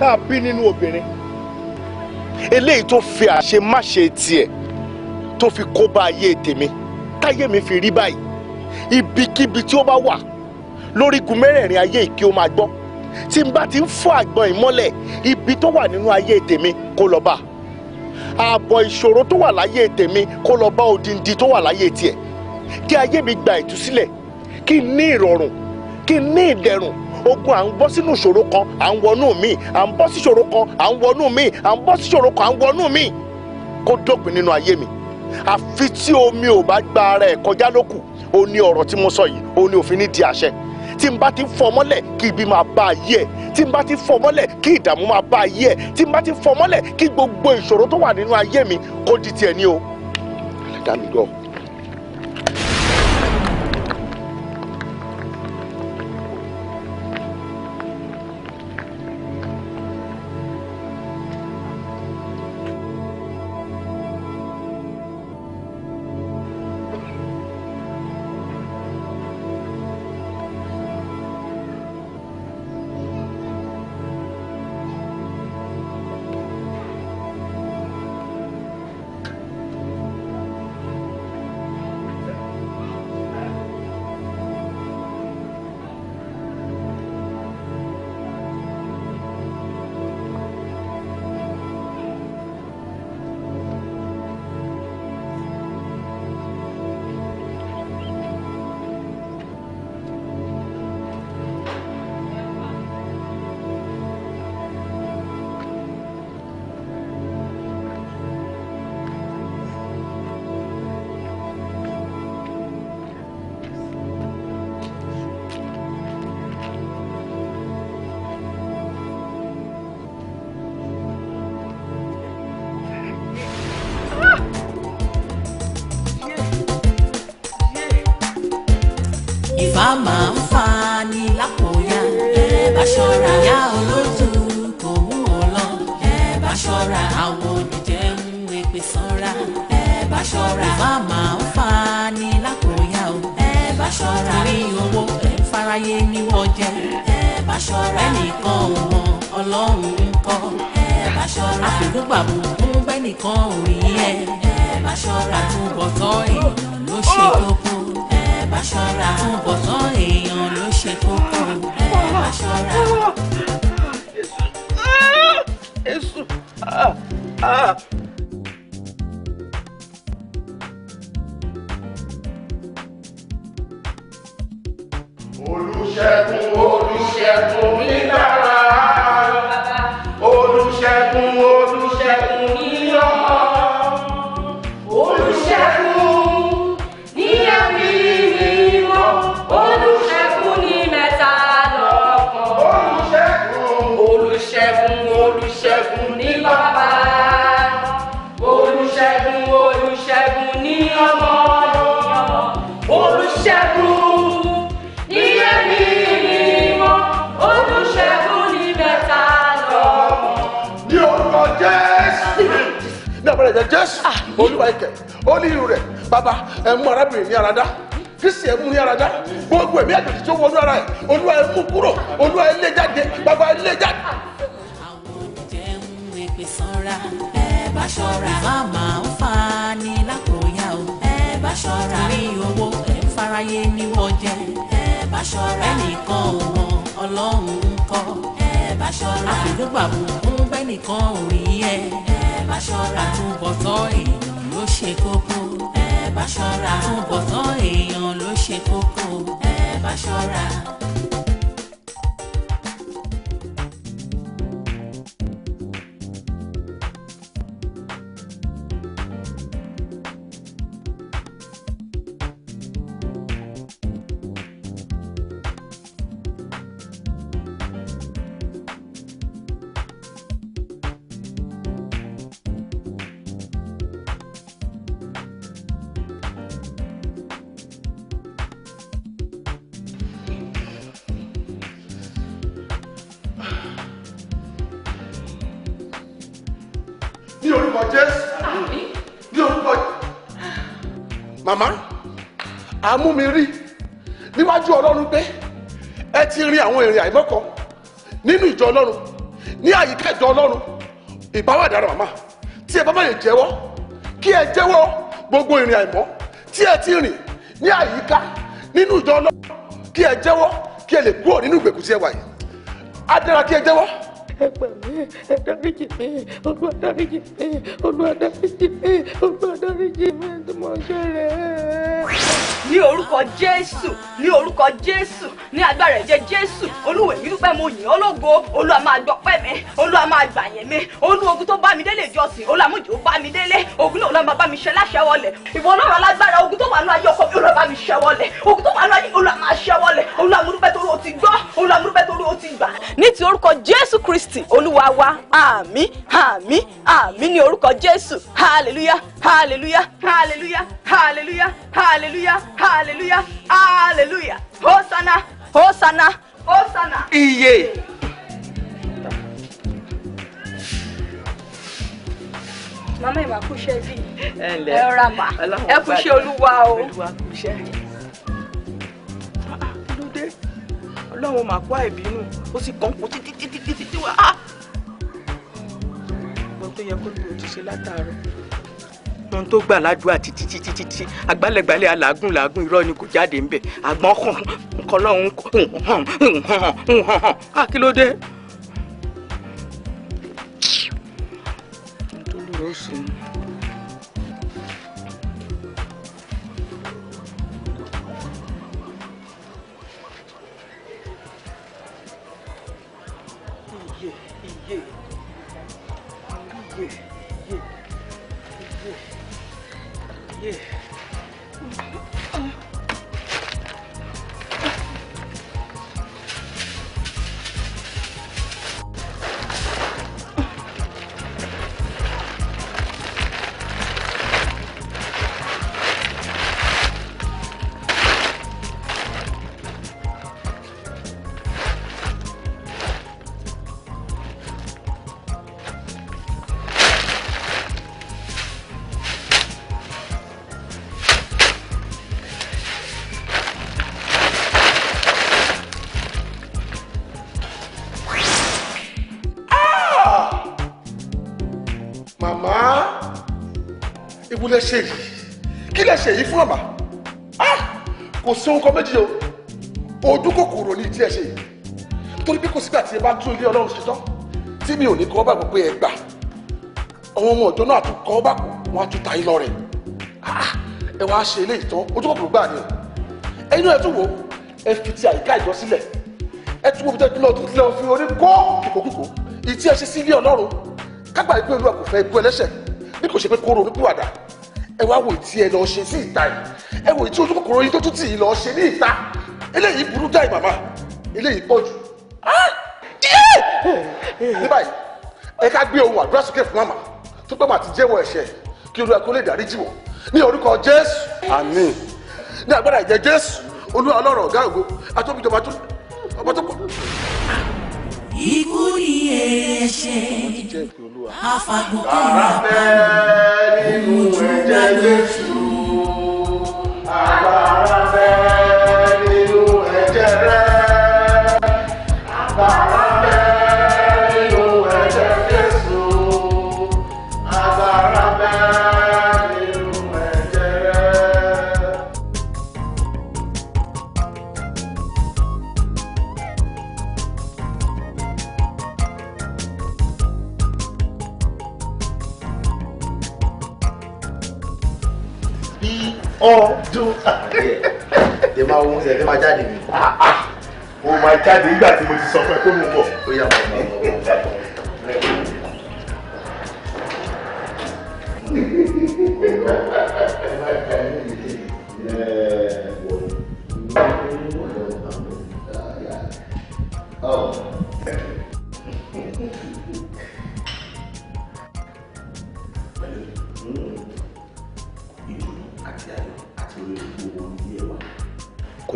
tá a bí nínú obìnrin eléyìí tó fi àṣemáṣe tiẹ̀ tó fi kó bá ayé tèmi táyé mi fi rí báyìí ibikíbi tí ó bá wà lórígun mẹ́rẹ̀ẹ̀rin ayé ìkí ó máa gbọ́ tí n bá ti ń fọ́ àgbọn ìmọ́lẹ̀ ibi tó wà nínú ayé tèmi kó lọ bá ààbọ̀ ìṣòro tó wà láyé tèmi kó lọ bá odindi tó wà láyé tiẹ̀ kí ayé mi gba ìtúsílẹ̀ kí n ní ìrọ̀rùn kí n ní ìdẹ̀rùn ogun à ń bọ́ sínú ìṣòro kan à ń wọnú mi à ń bọ́ sí ìṣòro kan à ń wọnú mi à ń bọ́ sí ìṣòro kan à ń wọnú mi kó dópin nínú ayé mi àfi tí omi ò bá gba ara ẹ̀ kọjá lókù ó ní ọ̀rọ̀ tí mo sọ yìí ó ní òfin ní di àṣẹ tí n bá ti fọ mọ́lẹ̀ kí ibi máa bá ayé ẹ̀ tí n bá ti fọ mọ́lẹ̀ kí ìdààmú máa bá ayé ẹ̀ tí n bá ti fọ mọ́lẹ̀ kí gbogbo ìṣòro tó wà nínú ayé mi kó di tiẹ̀ ní o. aládàá mi gbọ́. máa ń fa ni lákòóyá o ẹ bá ṣọ́ra rí owó ẹ fáráyé níwọ̀ jẹ ẹ bá ṣọ́ra ẹnìkan ò mọ ọlọ́run ń kọ́ ẹ bá ṣọ́ra àfìdúgbàbù fún bẹ́nìkan ò rí ẹ ẹ bá ṣọ́ra àtúbọ̀tán èèyàn ló ṣe kókó ẹ bá ṣọ́ra àtúbọ̀tán èèyàn ló ṣe kókó ẹ bá ṣọ́ra. Èṣù ah! Èṣù ah! Ah! Michael ó ní irun rẹ̀ bàbá ẹ̀ mú arábìnrin ní aradá kristi ẹ̀ mú ní aradá gbogbo ẹ̀mí àjòjì tó wọnú ara ẹ̀ olúwa ẹ̀ mú kúrò olúwa ẹ̀ lé jáde bàbá ẹ̀ lé jáde. màmá ń fa ni lákòóyá o ẹ bá ṣọ́ra rí owó ẹ̀ ń farayé níwọ̀ jẹ ẹ bá ṣọ́ra ẹnìkan ò mọ ọlọ́run ń kọ́ ẹ bá ṣọ́ra àfìdúgbà bùn bẹ́nìkan ò rí ẹ ẹ bá ṣọ́ra àtúbọ̀tán èèyàn ló ṣe kókó ẹ bá ṣọ́ra. àtúbọ̀tán èèyàn ló ṣe kókó ẹ bá ṣọ́ra. orúkọ Jésù ní orúkọ màmá àmúmirí níwájú Ọlọ́run pé ẹ ti rin àwọn ìrìn àìmọ́kọ nínú ìjọ Ọlọ́run ní àyíká ìjọ Ọlọ́run ìbáwádàrà màmá tí ẹ bá bá yẹn jẹ́wọ́ kí ẹ jẹ́wọ́ gbogbo ìrìn àìmọ́ tí ẹ ti rìn ní àyíká nínú ìjọ Ọlọ́run kí ẹ jẹ́wọ́ kí ẹ lè kúrò nínú ìgbèkùn tí ẹ wà yìí á dára kí ẹ jẹ́wọ́ ẹgbẹ́ mi ẹ̀dáríjì mi olúwa dáríjì mi olúwa dáríjì mi olúwa dáríjì mi tí mo ṣe rẹ̀ ní orúkọ jésù ní orúkọ jésù ní agbára ẹ̀jẹ̀ jésù olúwa èmi dúpẹ́ mo yìn ológo olúwa máa gbọpẹ́ mi olúwa máa gbàyẹn mi olú ogun tó bá mi délé ìjọsìn olúwa mú jòó bá mi délé ogun náà olúwa máa bá mi ṣe láṣẹwọlẹ̀ ìwọ ọlọ́run alágbára ogun tó wà ní ayé ọkọ mi olúwa bá mi ṣẹwọlẹ̀ ogun tó wà ní ayé olúwa máa ṣẹwọlẹ̀ olúwa mo dúpẹ́ torí o ti gbọ́ olúwa mo dúpẹ́ torí o ti gbà. ní ti orúkọ jésù kristi olúwa wa àmín àmín àmín ní orúkọ jésù hallelujah hallelujah hallelujah hallelujah hallelujah hallelujah hallelujah hosanna hosanna hosanna. iye. màmá ìwà kúṣẹ́ bí ẹ rà mà ẹ kúṣẹ́ olúwa o. Ah, ọlọ́run mà kó àìbínú ó sì kàn kó títí títí títí wá. ọgbọ́n ah. tó yẹ kó lù ú ti ṣe látàárọ̀ gbọ́n tó gbà lájú àti títí títí tí àgbálẹ̀gbálẹ̀ alágùn làágùn irọ́ ni kò jáde ńbẹ̀ àgbọ̀n hàn nǹkan lọ́hùn hàn hàn hàn hàn á kí ló dé. nítorí ó sì ń. lẹ ṣe yìí kí lẹ ṣe yìí fún àmà kò sí ohun kan méjì o ojú kòkòrò ní tí ẹ ṣe yìí torí bí kò sígbà tí ẹ bá tún ilé ọlọ́run ṣe tán tí mi ò ní kọ́ bá gbọ́ pé ẹ gbà àwọn ọmọ ọ̀dọ́ náà tún kọ́ bá kú wọn á tún ta yín lọ rẹ̀ ẹ wá ṣe eléyìí tán ojú kòkòrò gbà ni o ẹyin náà ẹ tún wò ẹ fi ti àyíká ìjọ sílẹ̀ ẹ tún wọ́n fi tẹ́jú náà tún tilẹ̀ òfin orí kó kòkòkò ìtí ẹ ṣe sí ilé ọlọ́run kágbà yìí pé olúwa kò fẹ́ ikú ẹlẹ́ṣẹ̀ bí kò ṣe pé kó ronú pìwàdà ẹ wá wò tí ẹ lọ ṣe sí ìta yìí ẹ wò tí ojú kòkòrò yìí tó tún tì í lọ ṣe ní ìta eléyìí burú jáì màmá eléyìí pọ̀ jù ní báyìí ẹ ká gbé ohun àdúrà sókè fún màmá tó gbọ́mà ti jẹ́wọ́ ẹ̀ṣẹ̀ kí olúwa kó lè dáríjì wọ́n ní orúkọ jésù àmín ní agbára ìjẹ jésù olúwa ọlọ́run ọ̀gá ògo àtọ́bíjọba tó ọmọ tó pọ̀ ikú ni èrè ẹ̀ṣẹ̀ afagùnkẹ́ àpamọ́ ojú gbàgbé. agbára ọdún. ẹ máa wọ́n ṣe ẹ máa jáde mi. o máa jáde nígbà tí mo ti sọ fún ẹ pé mo bọ̀. ó yà máa bọ̀ Oh.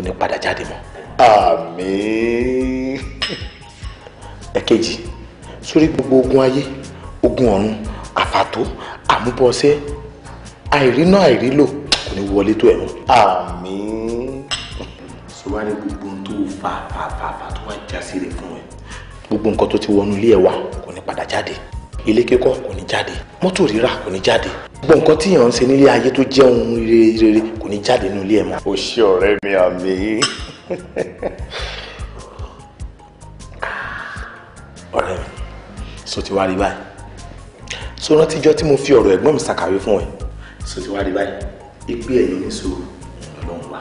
ní padà jáde mọ́. àmín. ẹ̀kejì sórí gbogbo ogun ayé ogun ọ̀run àfàtó àmúbọ̀ọ́sẹ́ àìrínà àìrílò kò ní wọlé tó ẹ̀rùn. àmín. sọ wá ní gbogbo ohun tó fà fà fà tó wá já sí fún ẹ gbogbo nǹkan tó ti wọnú ilé ẹ wá kò ní padà jáde ilé kíkọ́ kò ní jáde mọ́tò rírà kò ní jáde gbogbo nǹkan tí èèyàn ń ṣe nílé ayé tó jẹ́ ohun rere kò ní jáde nínú ilé ẹ̀ mọ́. o ṣe ọ̀rẹ́ mi àmì. ọ̀rẹ́ mi so ti wá rí báyìí so rántíjọ́ tí mo fi ọ̀rọ̀ ẹ̀gbọ́n mi ṣàkàwé fún ẹ so ti wá rí báyìí ìpè ẹ̀yìn ní sùúrù lọ́lọ́run wa.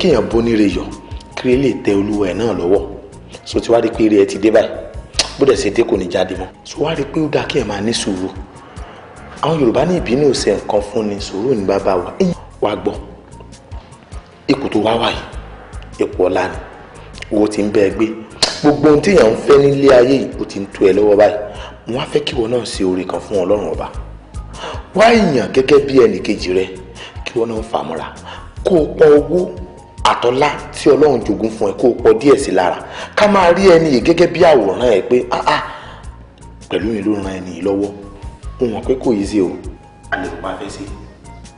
kéèyàn bóníire yọ kí lè tẹ olúwa ẹ̀ náà lọ́wọ́ so ti wá rí pé ire ẹ ti dé báyìí bó dẹ̀ ṣe dé kò ní jáde mọ́ so wá rí i pé ó dáa kí ẹ máa ní sùúrù àwọn yorùbá ní ìbínú ṣe nǹkan fún ni sùúrù ní bàbá wa ẹ̀yìn wa gbọ́ ipò tó wá wà yìí ipò ọ̀la ni owó ti ń bẹ́ẹ̀ gbé gbogbo ohun téèyàn ń fẹ́ nílé ayé yìí ó ti ń tó ẹ lọ́wọ́ báyìí mo wá fẹ́ kí wọn náà ṣe oore kan fún ọlọ́run ọba wá èèyàn gẹ́gẹ́ bí ẹnì kejì rẹ kí wọn náà fàmúra kó o pọn owó àtọ́lá tí ọlọ́run jogún fún ẹ kó pọ̀ díẹ̀ sí lára ká máa rí ẹni yìí gẹ́gẹ́ bí àwòrán ẹ pé áá ah, ah, pẹ̀lú mi ló ran ẹni yìí lọ́wọ́ ó mọ̀ kò yí sí o. a lè pa fẹ́ sí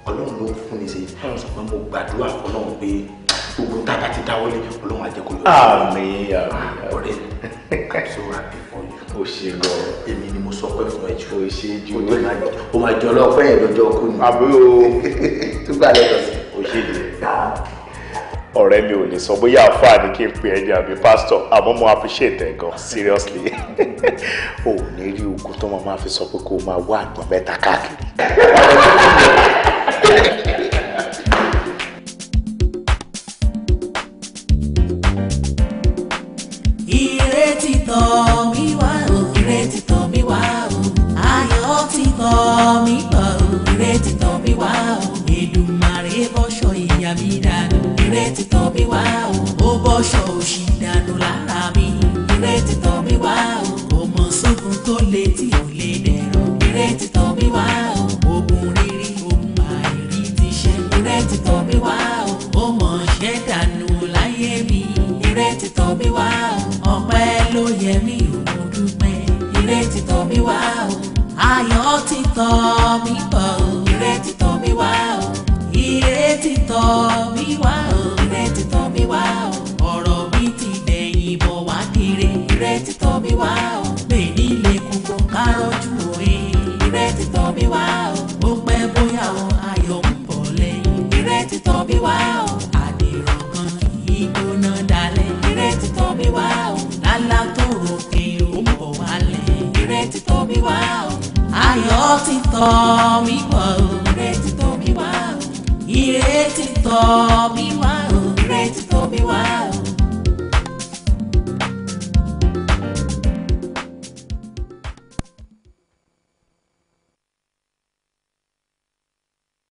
ọlọ́run ló fún mi ṣe ṣùgbọ́n mo gbàdúrà ọlọ́run pé gbogbo tábà ti dáwọ́lé ọlọ́run á jẹ́ kó yọ. ọ̀rẹ́ i'm so happy for you o ṣe lọ èmi ni mo sọ pé fún ẹ jù o ṣe jù o máa jọ ọlọ́pẹ́ yẹn lọ́jọ́ kú ni. àbúrò tó gbà lẹ́tọ̀ọ́ sí o ṣe jù ọ̀rẹ́ mi ò lè sọ bóyá àfáà kí n pè ẹ́ ní àbí pásítọ̀ àmọ́ mo appreciate ẹ̀ gan seriously ò ní rí ogun tó máa máa fi sọ pé kó o máa wá àgbọn mẹ́ta káàkiri. ìrètí tọ̀ mí wá o ìrètí tọ̀ mí wá o ayọ̀ ti tọ̀ mí wá o ìrètí tọ̀ mí wá o Èdùmàrè bọ́ṣọ ìyá mi dànù ire ti tọ́ mi wá o ó bọ́ṣọ òṣì dànù lára mi ire ti tọ́ mi wá o kò mọ̀ sógun tó lè tí ò lè dẹ̀rọ ire ti tọ́ mi wá o ogun rírí ogun àìrí ti ṣe ire ti tọ́ mi wá o ó mọ̀ ṣẹ́ dànù láyé mi ire ti tọ́ mi wá o ọpẹ́ ló yẹ mí o mo dúpẹ́ ire ti tọ́ mi wá o ayọ̀ ti tọ́ mi bọ̀ ire ti tọ́ ti tọ̀ mí wá o ire ti tọ̀ mí wá o ọ̀rọ̀ mi ti dẹ̀yìn bọ̀ wá kéré ire ti tọ̀ mí wá o bèèni lè kú kó kárọ́jú òye ire ti tọ̀ mí wá o ó pẹ́ bóyá o ayọ̀ ń bọ̀ lẹ́yìn ire ti tọ̀ mí wá o àdìrọ̀ kan kì í gbóná dalẹ̀ ire ti tọ̀ mí wá o lálá tó ròkè ó ń bọ̀ wálẹ̀ ire ti tọ̀ mí wá o ayọ̀ ti tọ̀ mí wá o ìrètí tọ̀ mí wá o ìrètí tọ̀ mí wá o.